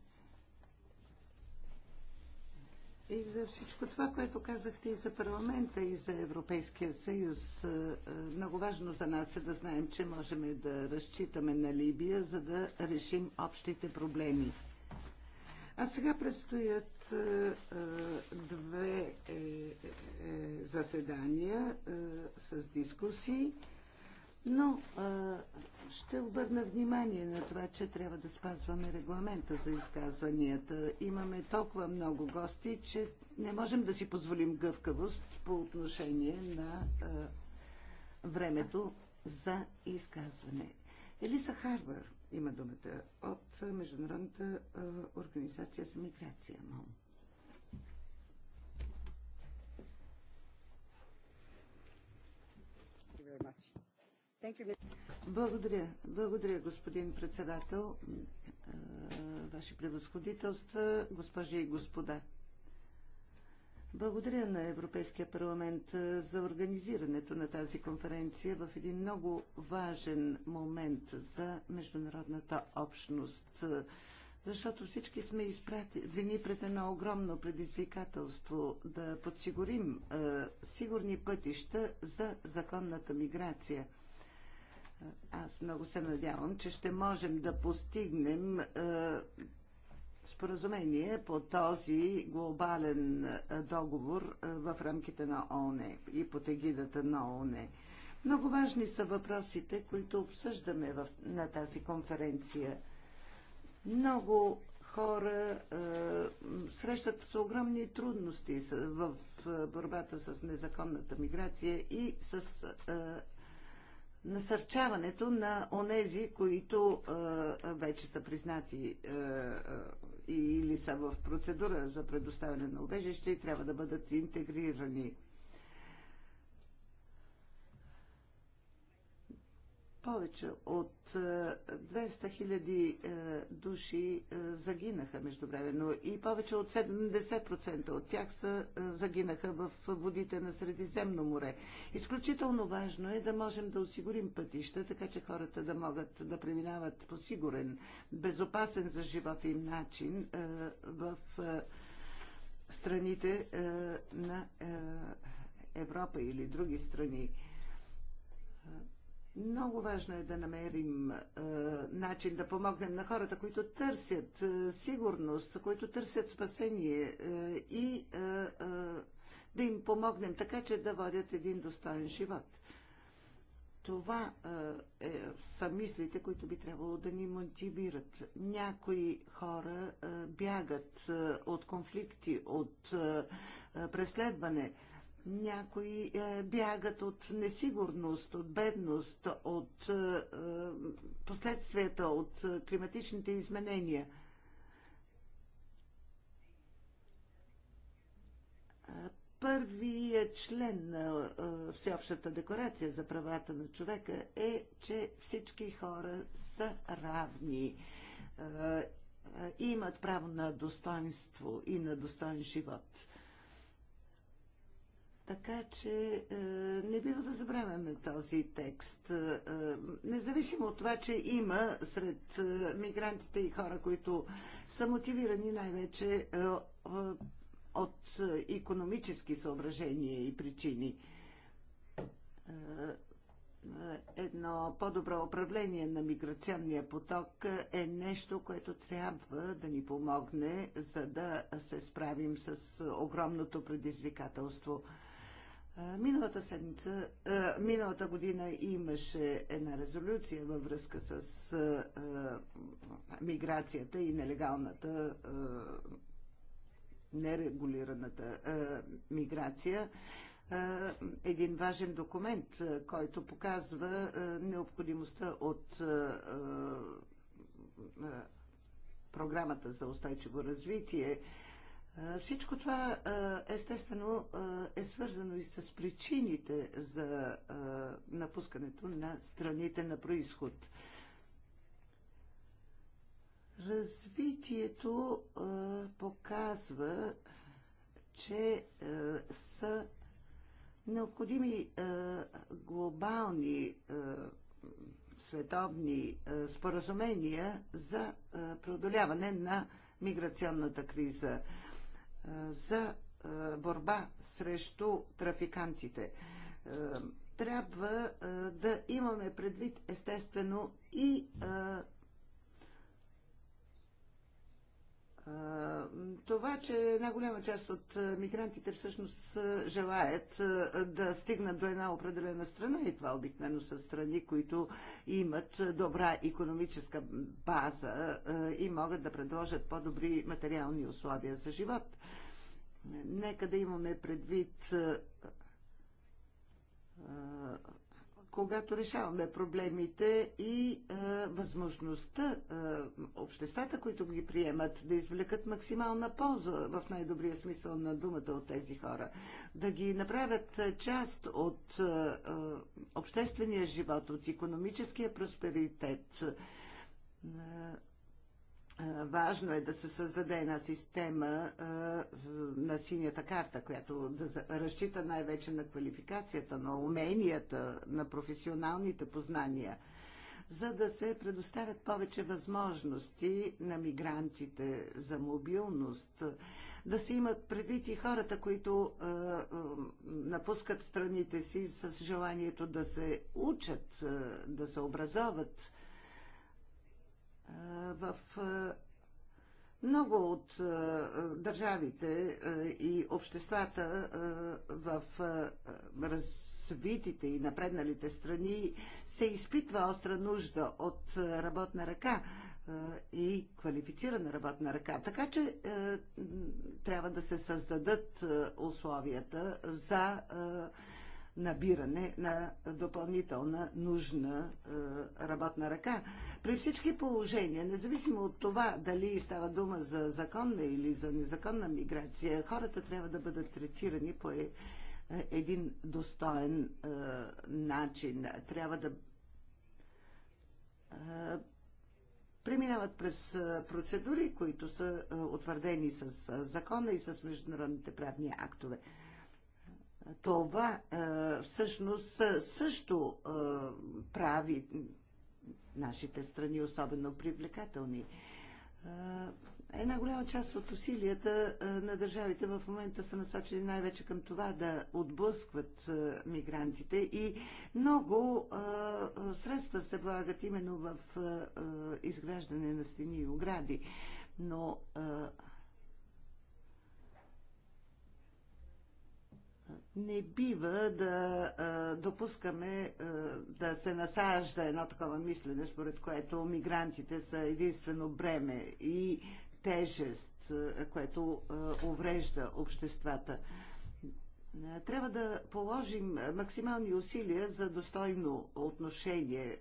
и за всичко това, което казахте и за парламента, и за Европейския съюз. Е, е, много важно за нас е да знаем, че можем да разчитаме на Либия, за да решим общите проблеми. А сега предстоят е, две заседания с дискусии но а, ще обърна внимание на това, че трябва да спазваме регламента за изказванията. Имаме толкова много гости, че не можем да си позволим гъвкавост по отношение на а, времето за изказване. Елиса Харбър има думата от Международната а, организация за миграция. Мам. Благодаря. Благодаря, господин председател, е, ваши превъзходителства, госпожи и господа. Благодаря на Европейския парламент е, за организирането на тази конференция в един много важен момент за международната общност, е, защото всички сме изправени пред едно огромно предизвикателство да подсигурим сигурни пътища за законната миграция. Аз много се надявам, че ще можем да постигнем е, споразумение по този глобален е, договор е, в рамките на ООН и под егидата на ООН. Много важни са въпросите, които обсъждаме в, на тази конференция. Много хора е, срещат огромни трудности в борбата с незаконната миграция и с е, насърчаването на онези, които вече са признати или са в процедура за предоставяне на убежище и трябва да бъдат интегрирани. Повече от 200 е, хиляди е, души е, загинаха междувременно и повече от 70% от тях са, загинаха в водите на Средиземно море. Изключително важно е да можем да осигурим пътища, така че хората да могат да преминават по сигурен, безопасен за живота им начин в страните на Европа или други страни много важно е да намерим е, начин да помогнем на хората, които търсят е, сигурност, които търсят спасение е, и е, е, да им помогнем така, че да водят един достоен живот. Това е, е, са мислите, които би трябвало да ни мотивират. Някои хора е, бягат е, от конфликти, от е, е преследване. Е, някои е, бягат от несигурност, от бедност, от е, е, последствията от климатичните изменения. Първият член на Всеобщата декларация за правата на човека е, че всички хора са равни и имат право на достоинство и на достоин живот. Така че е, не бива да забравяме този текст. Е, е, независимо от това, че има сред е, мигрантите и хора, които са мотивирани най-вече е, е, от економически съображения и причини. Е, е, едно по-добро управление на миграционния поток е нещо, което трябва да ни помогне, за да се справим с огромното предизвикателство – Миналата седмица, миналата година имаше една резолюция във връзка с миграцията и нелегалната нерегулираната миграция. Един важен документ, който показва необходимостта от програмата за устойчиво развитие всичко това естествено е свързано и с причините за напускането на страните на происход. Развитието показва, че са необходими глобални световни споразумения за преодоляване на миграционната криза за борба срещу трафикантите. Трябва да имаме предвид естествено и Това, че една голяма част от мигрантите всъщност желаят да стигнат до една определена страна и това обикновено са страни, които имат добра економическа база и могат да предложат по-добри материални условия за живот. Нека да имаме предвид когато решаваме проблемите и а, възможността а, обществата, които ги приемат, да извлекат максимална полза в най-добрия смисъл на думата от тези хора, да ги направят част от а, обществения живот, от економическия просперитет. Важно е да се създаде една система на синята карта, която да разчита най-вече на квалификацията, на уменията, на професионалните познания, за да се предоставят повече възможности на мигрантите за мобилност, да се имат предвид и хората, които напускат страните си с желанието да се учат, да се образоват в много от държавите и обществата в развитите и напредналите страни се изпитва остра нужда от работна ръка и квалифицирана работна ръка. Така че трябва да се създадат условията за набиране на допълнителна нужна е, работна ръка. При всички положения, независимо от това дали става дума за законна или за незаконна миграция, хората трябва да бъдат третирани по е, един достоен е, начин. Трябва да преминават през процедури, които са утвърдени с закона и с международните правни актове това е, всъщност е, също е, прави нашите страни особено привлекателни. Една голяма част от усилията на държавите в момента са насочени най-вече към това да отблъскват мигрантите и много средства се влагат именно в изграждане на стени и огради. Но не бива да а, допускаме а, да се насажда едно такова мислене, според което мигрантите са единствено бреме и тежест, а, което а, уврежда обществата. Трябва да положим максимални усилия за достойно отношение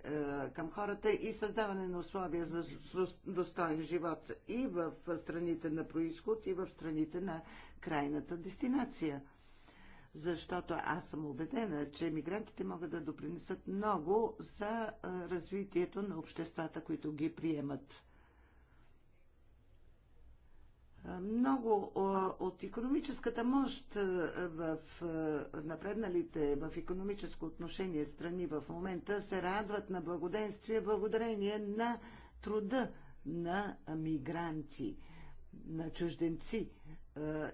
към хората и създаване на условия за достоен живот и в страните на происход, и в страните на крайната дестинация защото аз съм убедена, че мигрантите могат да допринесат много за развитието на обществата, които ги приемат. Много от економическата мощ в напредналите в економическо отношение страни в момента се радват на благоденствие благодарение на труда на мигранти, на чужденци.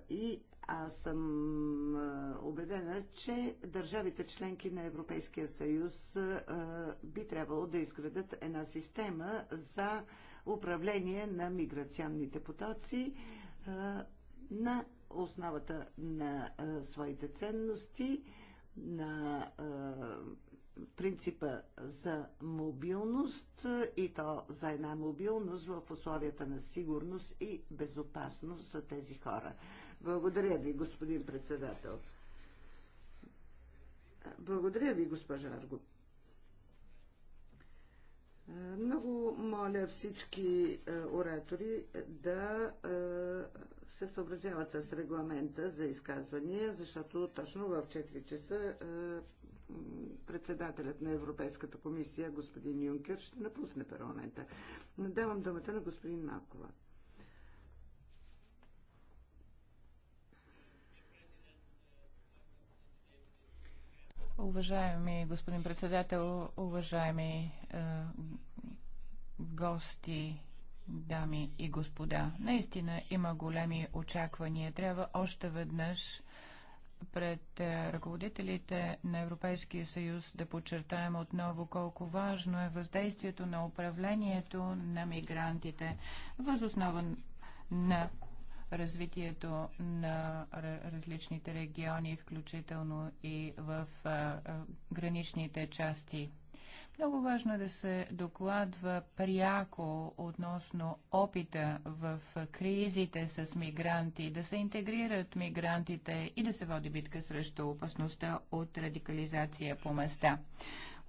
И аз съм убедена, че държавите членки на Европейския съюз би трябвало да изградат една система за управление на миграционните потоци на основата на своите ценности, на принципа за мобилност и то за една мобилност в условията на сигурност и безопасност за тези хора. Благодаря ви, господин председател. Благодаря ви, госпожа Арго. Много моля всички е, оратори да е, се съобразяват с регламента за изказвания, защото точно в 4 часа е, председателят на Европейската комисия, господин Юнкер, ще напусне парламента. Надавам думата на господин Маркова. Уважаеми господин председател, уважаеми е, гости, дами и господа, наистина има големи очаквания. Трябва още веднъж пред е, ръководителите на Европейския съюз да подчертаем отново колко важно е въздействието на управлението на мигрантите основа на развитието на различните региони, включително и в е, е, граничните части много важно е да се докладва пряко относно опита в кризите с мигранти, да се интегрират мигрантите и да се води битка срещу опасността от радикализация по места.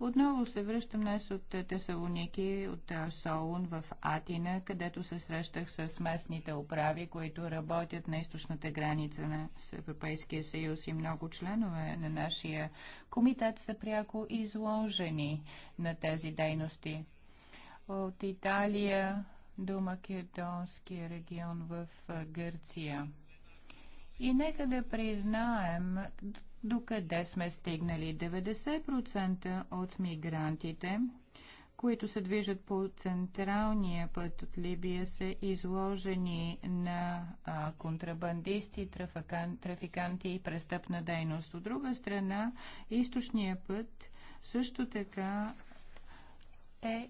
Отново се връщам днес от Тесалоники, от Солун в Атина, където се срещах с местните управи, които работят на източната граница на Европейския съюз и много членове на нашия комитет са пряко изложени на тези дейности. От Италия до Македонския регион в Гърция. И нека да признаем, докъде сме стигнали. 90% от мигрантите, които се движат по централния път от Либия, са изложени на а, контрабандисти, трафиканти и престъпна дейност. От друга страна, източния път също така е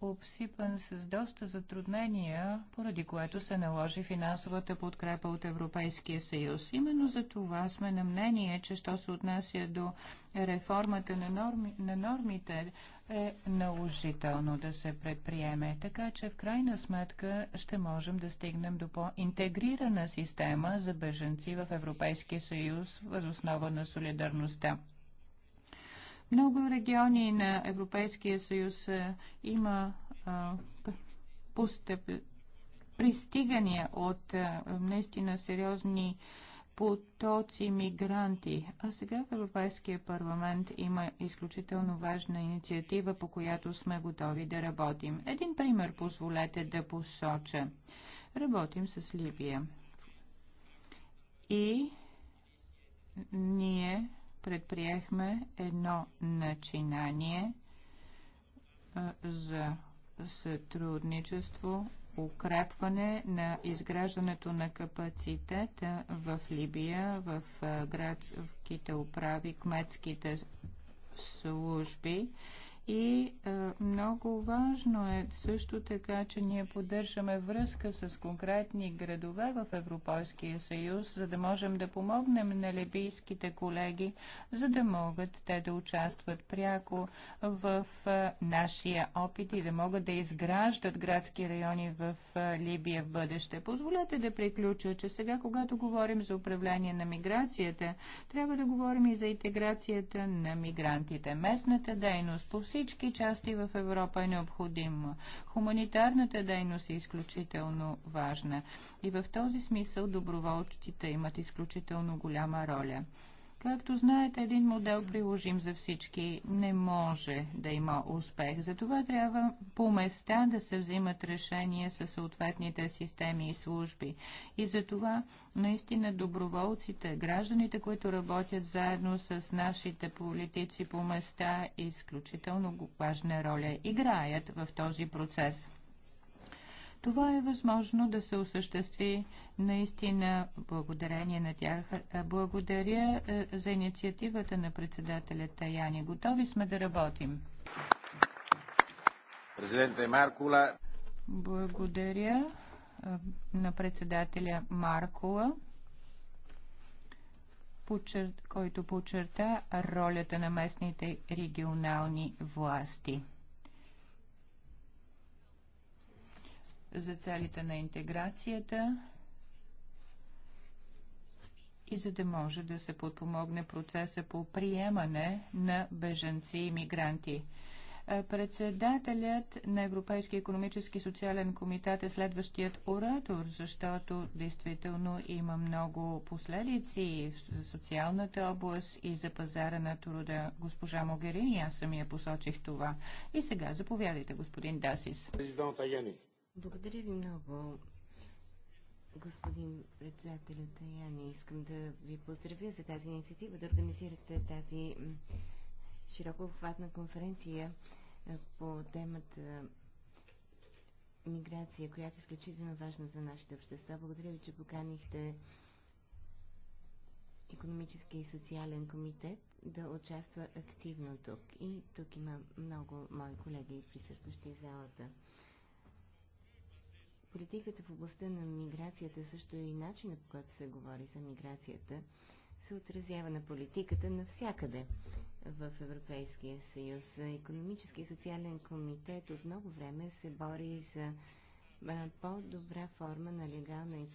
обсипан с доста затруднения, поради което се наложи финансовата подкрепа от Европейския съюз. Именно за това сме на мнение, че що се отнася до реформата на, норми, на нормите, е наложително да се предприеме. Така че в крайна сметка ще можем да стигнем до по-интегрирана система за беженци в Европейския съюз възоснова на солидарността. Много региони на Европейския съюз е, има постъп, пристигания от е, наистина сериозни потоци мигранти. А сега в Европейския парламент има изключително важна инициатива, по която сме готови да работим. Един пример позволете да посоча. Работим с Либия. И ние предприехме едно начинание за сътрудничество, укрепване на изграждането на капацитета в Либия, в градските управи, кметските служби и е, много важно е също така, че ние поддържаме връзка с конкретни градове в Европейския съюз, за да можем да помогнем на либийските колеги, за да могат те да участват пряко в е, нашия опит и да могат да изграждат градски райони в е, Либия в бъдеще. Позволете да приключа, че сега, когато говорим за управление на миграцията, трябва да говорим и за интеграцията на мигрантите. Местната дейност по всички всички части в Европа е необходимо. Хуманитарната дейност е изключително важна и в този смисъл доброволците имат изключително голяма роля. Както знаете, един модел приложим за всички не може да има успех. Затова трябва по места да се взимат решения със съответните системи и служби. И затова наистина доброволците, гражданите, които работят заедно с нашите политици по места, изключително важна роля играят в този процес. Това е възможно да се осъществи наистина благодарение на тях. Е, благодаря е, за инициативата на председателя Таяни. Готови сме да работим. Президента Маркула. Благодаря е, на председателя Маркула който почерта ролята на местните регионални власти. за целите на интеграцията и за да може да се подпомогне процеса по приемане на беженци и мигранти. Е, председателят на Европейския економически и социален комитет е следващият оратор, защото действително има много последици за социалната област и за пазара на труда. Госпожа Могерини, аз самия посочих това. И сега заповядайте, господин Дасис. Президент Агени. Благодаря ви много, господин председател Таяни. Искам да ви поздравя за тази инициатива, да организирате тази широко обхватна конференция по темата миграция, която е изключително важна за нашите общества. Благодаря ви, че поканихте економически и социален комитет да участва активно тук. И тук има много мои колеги, присъстващи в залата политиката в областта на миграцията, също е и начина по който се говори за миграцията, се отразява на политиката навсякъде в Европейския съюз. Економически и социален комитет от много време се бори за по-добра форма на легална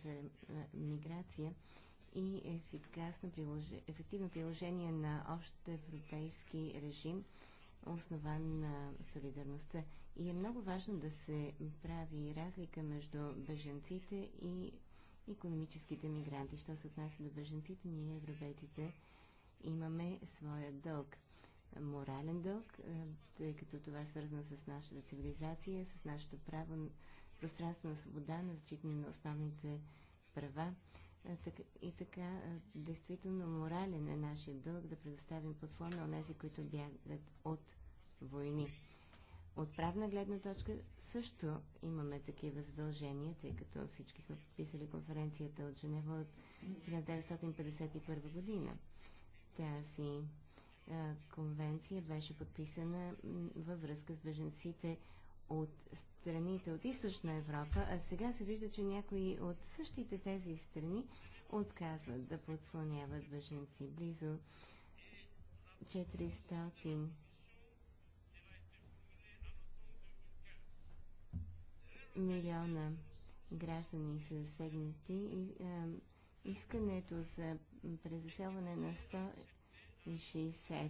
миграция и ефикасно приложение, ефективно приложение на общ европейски режим, основан на солидарността. И е много важно да се прави разлика между беженците и економическите мигранти. Що се отнася до беженците, ние, европейците, имаме своя дълг. Морален дълг, тъй като това е свързано с нашата цивилизация, с нашето право пространство на свобода, на зачитане на основните права. И така, действително морален е нашия дълг да предоставим подслон на тези, които бягат от войни. От правна гледна точка също имаме такива задължения, тъй като всички сме подписали конференцията от Женева от 1951 година. Тази а, конвенция беше подписана във връзка с беженците от страните от източна Европа, а сега се вижда, че някои от същите тези страни отказват да подслоняват беженци. Близо 400 милиона граждани са засегнати и а, искането за презаселване на 160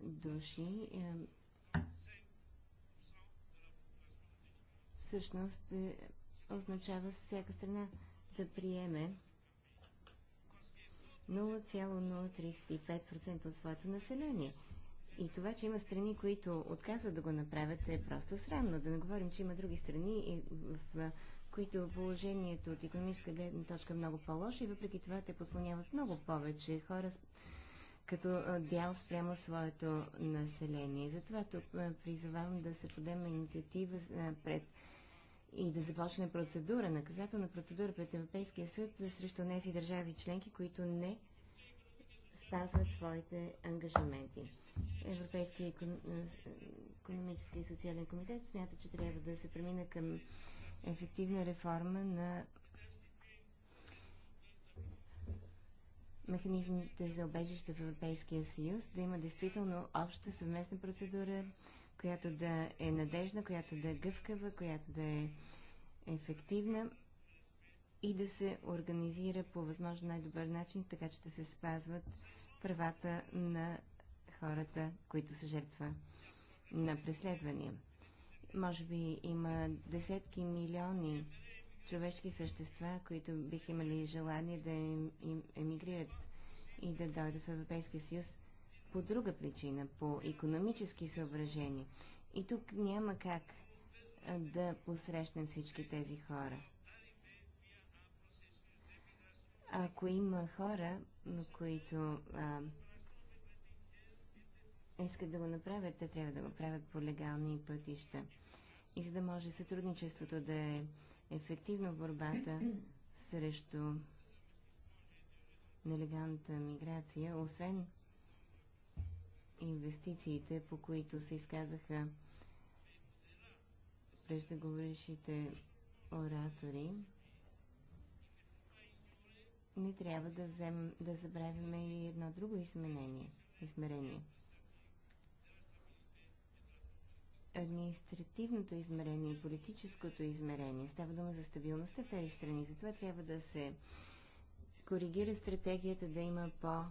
души а, всъщност а, е, означава всяка страна да приеме 0,035% от своето население. И това, че има страни, които отказват да го направят, е просто срамно. Да не говорим, че има други страни, в които положението от економическа гледна точка е много по-лошо и въпреки това те послоняват много повече хора като дял спрямо своето население. Затова тук призовавам да се подема инициатива пред и да започне процедура, наказателна процедура пред Европейския съд срещу тези държави членки, които не спазват своите ангажименти. Европейския економически и социален комитет смята, че трябва да се премина към ефективна реформа на механизмите за обежище в Европейския съюз, да има действително обща съвместна процедура, която да е надежна, която да е гъвкава, която да е ефективна и да се организира по възможно най-добър начин, така че да се спазват правата на хората, които са жертва на преследвания. Може би има десетки милиони човешки същества, които бих имали желание да им, им, емигрират и да дойдат в Европейския съюз по друга причина, по економически съображения. И тук няма как да посрещнем всички тези хора. Ако има хора, които а, искат да го направят, те трябва да го правят по легални пътища. И за да може сътрудничеството да е ефективно в борбата срещу нелегалната миграция, освен инвестициите, по които се изказаха преждеговорившите оратори, не трябва да, взем, да забравяме и едно друго изменение, измерение. Административното измерение и политическото измерение. Става дума за стабилността в тези страни. Затова трябва да се коригира стратегията да има по-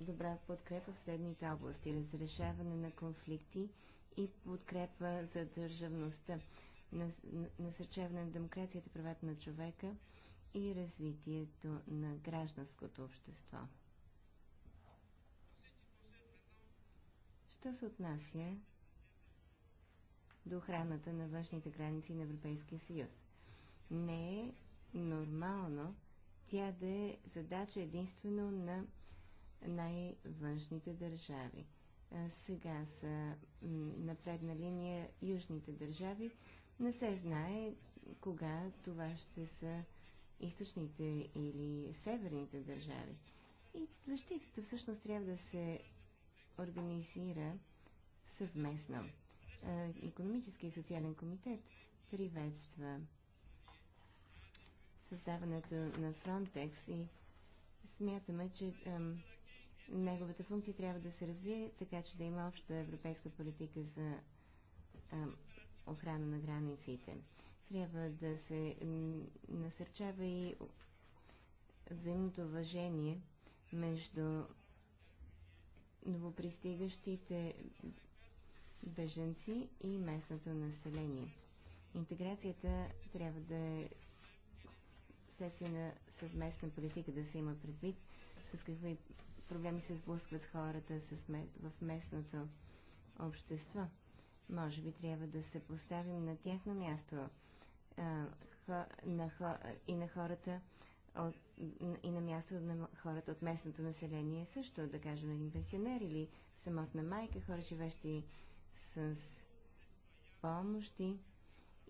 добра подкрепа в следните области. Разрешаване на конфликти и подкрепа за държавността. Насърчаване на демокрацията, правата на човека, и развитието на гражданското общество. Що се отнася до охраната на външните граници на Европейския съюз? Не е нормално тя да е задача единствено на най-външните държави. А сега са на предна линия южните държави. Не се знае кога това ще са източните или северните държави. И защитата всъщност трябва да се организира съвместно. Економически и социален комитет приветства създаването на Frontex и смятаме, че ам, неговата функция трябва да се развие така, че да има обща европейска политика за ам, охрана на границите. Трябва да се насърчава и взаимното уважение между новопристигащите беженци и местното население. Интеграцията трябва да е вследствие на съвместна политика да се има предвид с какви проблеми се сблъскват хората с в местното общество. Може би трябва да се поставим на тяхно място на, и на хората от, и на място на хората от местното население също, да кажем един пенсионер или самотна майка, хора живещи с помощи.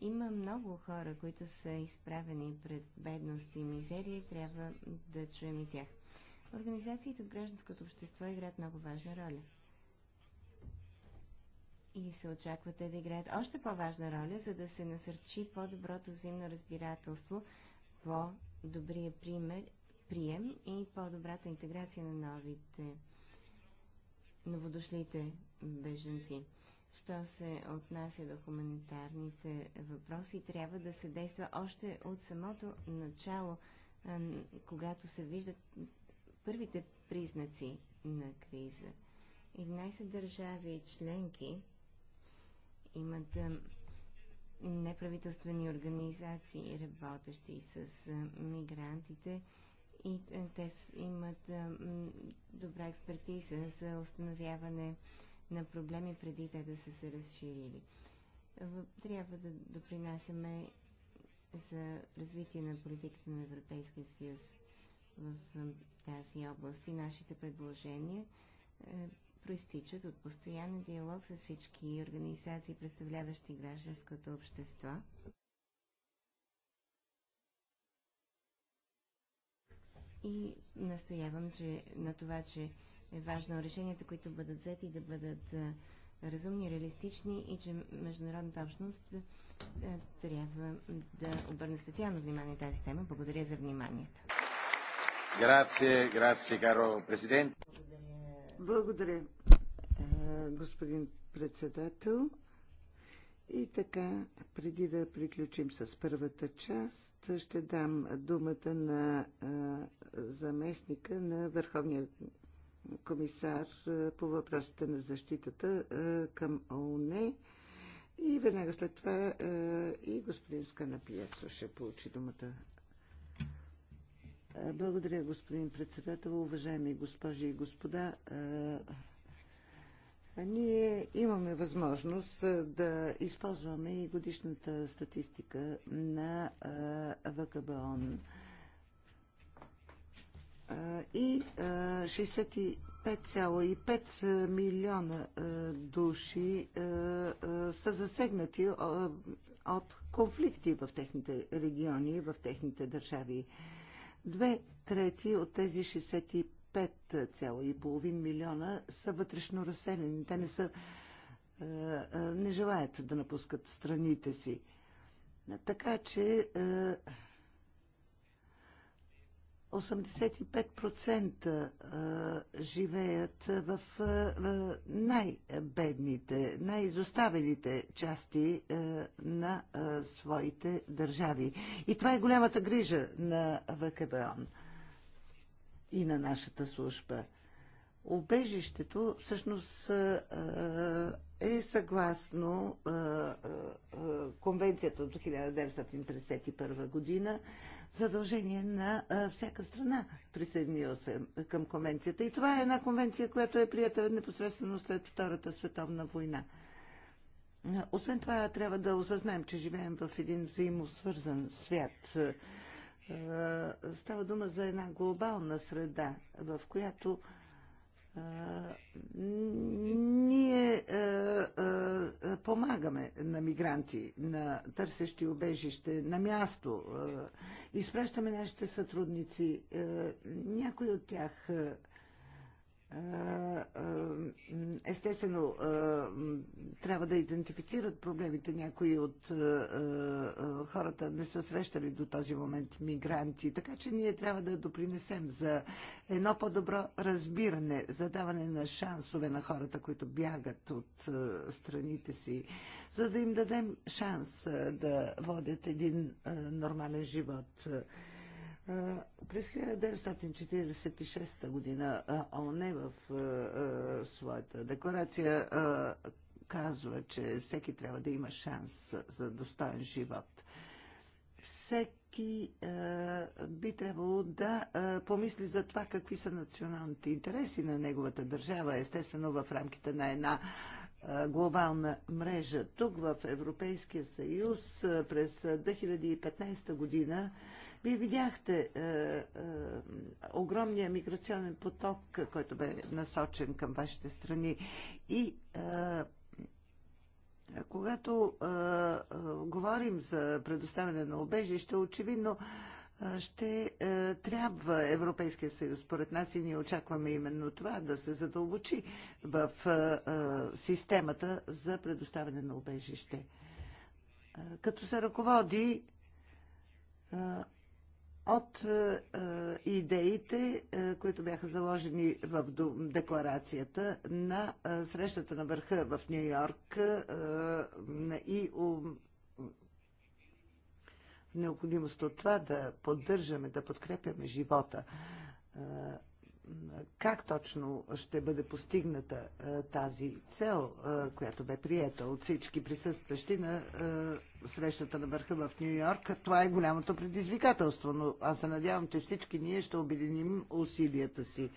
Има много хора, които са изправени пред бедност и мизерия и трябва да чуем и тях. Организациите от гражданското общество играят много важна роля и се очаква те да играят още по-важна роля, за да се насърчи по-доброто взаимно разбирателство, по-добрия пример, прием и по-добрата интеграция на новите новодошлите беженци. Що се отнася до хуманитарните въпроси, трябва да се действа още от самото начало, когато се виждат първите признаци на криза. 11 държави членки имат неправителствени организации, работещи с мигрантите и те имат добра експертиза за установяване на проблеми преди те да са се разширили. Трябва да допринасяме за развитие на политиката на Европейския съюз в тази област и нашите предложения проистичат от постоянен диалог с всички организации, представляващи гражданското общество. И настоявам че, на това, че е важно решенията, които бъдат взети, да бъдат разумни, реалистични и че международната общност трябва да обърне специално внимание тази тема. Благодаря за вниманието. Grazie, grazie caro Presidente. Благодаря, господин председател. И така, преди да приключим с първата част, ще дам думата на заместника на Върховния комисар по въпросите на защитата към ООН. И веднага след това и господин Сканапиесо ще получи думата. Благодаря, господин председател, уважаеми госпожи и господа. Ние имаме възможност да използваме и годишната статистика на ВКБОН. И 65,5 милиона души са засегнати от конфликти в техните региони, в техните държави. Две трети от тези 65,5 милиона са вътрешно разселени. Те не са е, е, не желаят да напускат страните си. Така че е, 85% живеят в най-бедните, най-изоставените части на своите държави. И това е голямата грижа на ВКБОН и на нашата служба. Обежището всъщност е съгласно конвенцията от 1951 година задължение на всяка страна, присъединила се към конвенцията. И това е една конвенция, която е прията непосредствено след Втората световна война. Освен това, трябва да осъзнаем, че живеем в един взаимосвързан свят. Става дума за една глобална среда, в която ние помагаме на мигранти, на търсещи убежище, на място. изпращаме нашите сътрудници. някои от тях естествено трябва да идентифицират проблемите. Някои от хората не са срещали до този момент мигранти, така че ние трябва да допринесем за едно по-добро разбиране, за даване на шансове на хората, които бягат от страните си, за да им дадем шанс да водят един нормален живот. През 1946 година ООН е в своята декларация казва, че всеки трябва да има шанс за достоен живот. Всеки би трябвало да помисли за това какви са националните интереси на неговата държава, естествено в рамките на една глобална мрежа. Тук в Европейския съюз през 2015 година вие видяхте е, е, огромния миграционен поток, който бе насочен към вашите страни. И е, когато е, е, говорим за предоставяне на обежище, очевидно е, ще е, трябва Европейския съюз, според нас и ние очакваме именно това, да се задълбочи в е, е, системата за предоставяне на обежище. Е, като се ръководи е, от е, е, идеите, е, които бяха заложени в декларацията на срещата на върха в Нью Йорк и необходимост от това да поддържаме, да подкрепяме живота как точно ще бъде постигната тази цел, която бе приета от всички присъстващи на срещата на върха в Нью Йорк. Това е голямото предизвикателство, но аз се надявам, че всички ние ще обединим усилията си.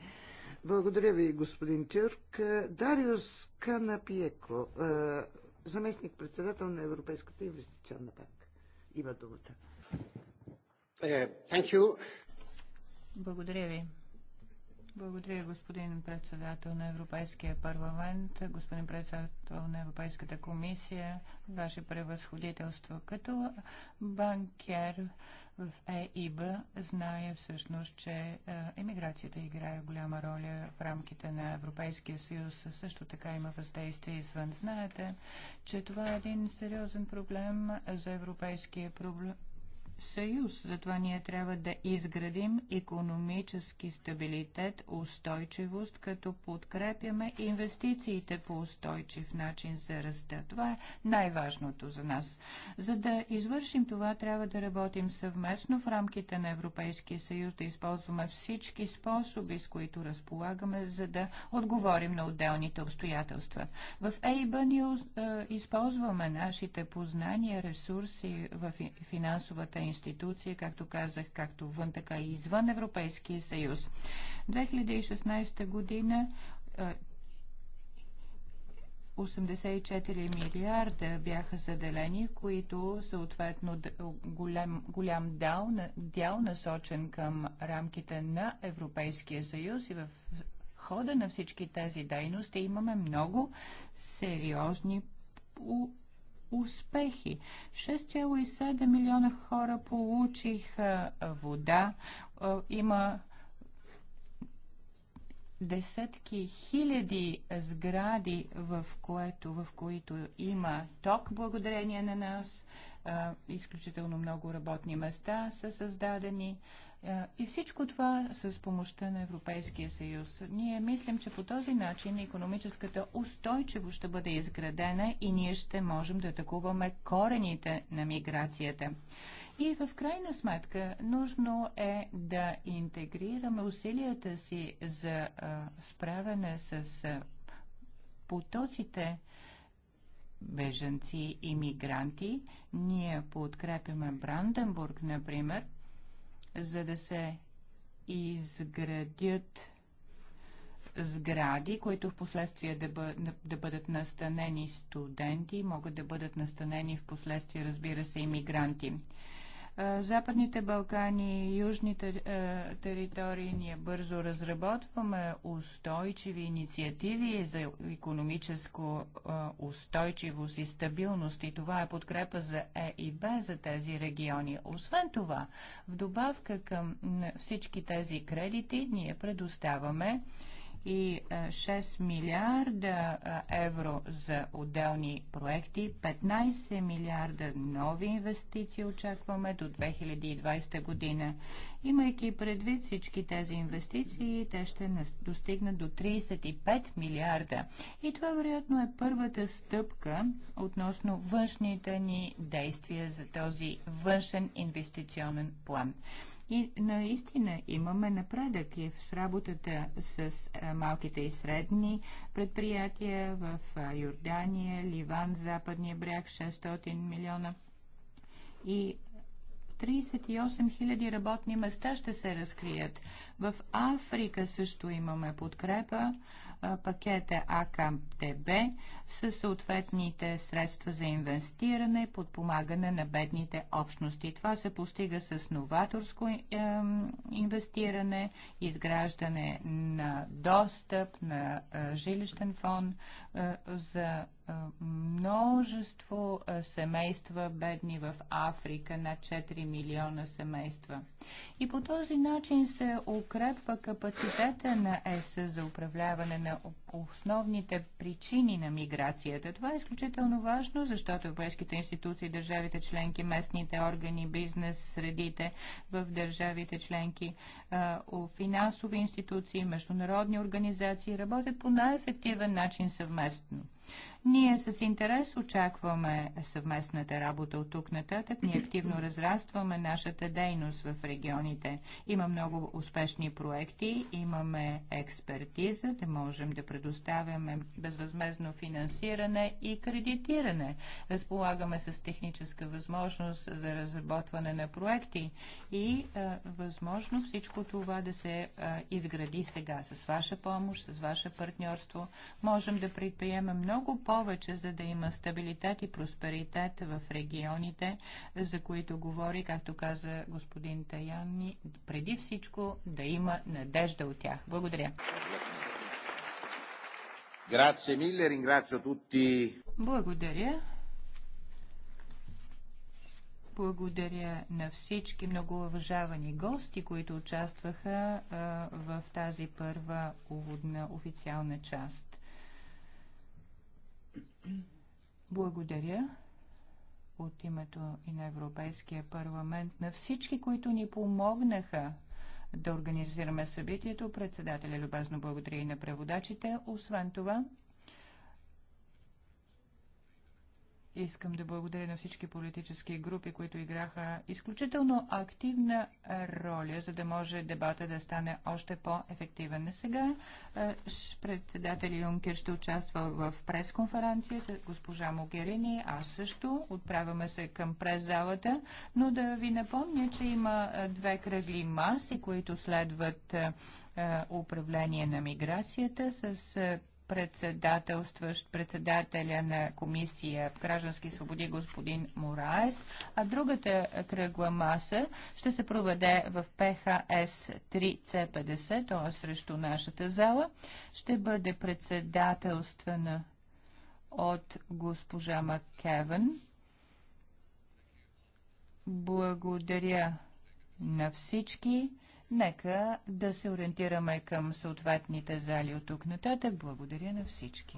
Благодаря ви, господин Тюрк. Дариус Канапиеко, заместник-председател на Европейската инвестиционна банка. Има думата. Е, Благодаря ви. Благодаря, господин председател на Европейския парламент, господин председател на Европейската комисия, ваше превъзходителство. Като банкер в ЕИБ знае всъщност, че е, емиграцията играе голяма роля в рамките на Европейския съюз. Също така има въздействие извън. Знаете, че това е един сериозен проблем за Европейския проблем съюз. Затова ние трябва да изградим економически стабилитет, устойчивост, като подкрепяме инвестициите по устойчив начин за ръста. Това е най-важното за нас. За да извършим това, трябва да работим съвместно в рамките на Европейския съюз, да използваме всички способи, с които разполагаме, за да отговорим на отделните обстоятелства. В ЕИБА ние използваме нашите познания, ресурси в финансовата институция, както казах, както вън, така и извън Европейския съюз. 2016 година 84 милиарда бяха заделени, които съответно голям, голям дял, дял насочен към рамките на Европейския съюз и в хода на всички тези дейности имаме много сериозни успехи. 6,7 милиона хора получиха вода. Има десетки хиляди сгради, в, което, в които има ток благодарение на нас. Изключително много работни места са създадени. Е, и всичко това с помощта на Европейския съюз. Ние мислим, че по този начин економическата устойчиво ще бъде изградена и ние ще можем да атакуваме корените на миграцията. И в крайна сметка нужно е да интегрираме усилията си за е, справяне с е, потоците беженци и мигранти. Ние подкрепяме Бранденбург, например – за да се изградят сгради, които в последствие да, бъ, да бъдат настанени студенти, могат да бъдат настанени в последствие, разбира се, иммигранти. Западните Балкани и южните територии ние бързо разработваме устойчиви инициативи за економическо устойчивост и стабилност и това е подкрепа за Е и Б за тези региони. Освен това, в добавка към всички тези кредити ние предоставяме 6 милиарда евро за отделни проекти, 15 милиарда нови инвестиции очакваме до 2020 година. Имайки предвид всички тези инвестиции, те ще достигнат до 35 милиарда. И това вероятно е първата стъпка относно външните ни действия за този външен инвестиционен план. И наистина имаме напредък и в работата с малките и средни предприятия в Йордания, Ливан, Западния бряг, 600 милиона. И 38 000 работни места ще се разкрият. В Африка също имаме подкрепа пакета АКТБ със съответните средства за инвестиране и подпомагане на бедните общности. Това се постига с новаторско инвестиране, изграждане на достъп на жилищен фон за множество семейства бедни в Африка, на 4 милиона семейства. И по този начин се укрепва капацитета на ЕС за управляване на основните причини на миграцията. Това е изключително важно, защото европейските институции, държавите членки, местните органи, бизнес, средите в държавите членки, финансови институции, международни организации работят по най-ефективен начин съвместно. Ние с интерес очакваме съвместната работа от тук нататък. Ние активно разрастваме нашата дейност в регионите. Има много успешни проекти, имаме експертиза, да можем да предоставяме безвъзмезно финансиране и кредитиране. Разполагаме с техническа възможност за разработване на проекти и е, възможно всичко това да се е, изгради сега. С ваша помощ, с ваше партньорство можем да предприемем много много повече, за да има стабилитет и просперитет в регионите, за които говори, както каза господин Таянни, преди всичко да има надежда от тях. Благодаря. Благодаря. Благодаря на всички много уважавани гости, които участваха а, в тази първа уводна официална част. Благодаря от името и на Европейския парламент на всички, които ни помогнаха да организираме събитието. Председателя любезно благодаря и на преводачите. Освен това, Искам да благодаря на всички политически групи, които играха изключително активна роля, за да може дебата да стане още по-ефективен. Сега е, председател Юнкер ще участва в пресконференция с госпожа Могерини. Аз също. Отправяме се към преззалата, но да ви напомня, че има е, две кръгли маси, които следват е, управление на миграцията с председателстващ председателя на комисия в граждански свободи господин Мораес, а другата кръгла маса ще се проведе в ПХС 3C50, т.е. срещу нашата зала. Ще бъде председателствана от госпожа Маккевен. Благодаря на всички. Нека да се ориентираме към съответните зали от тук нататък. Благодаря на всички.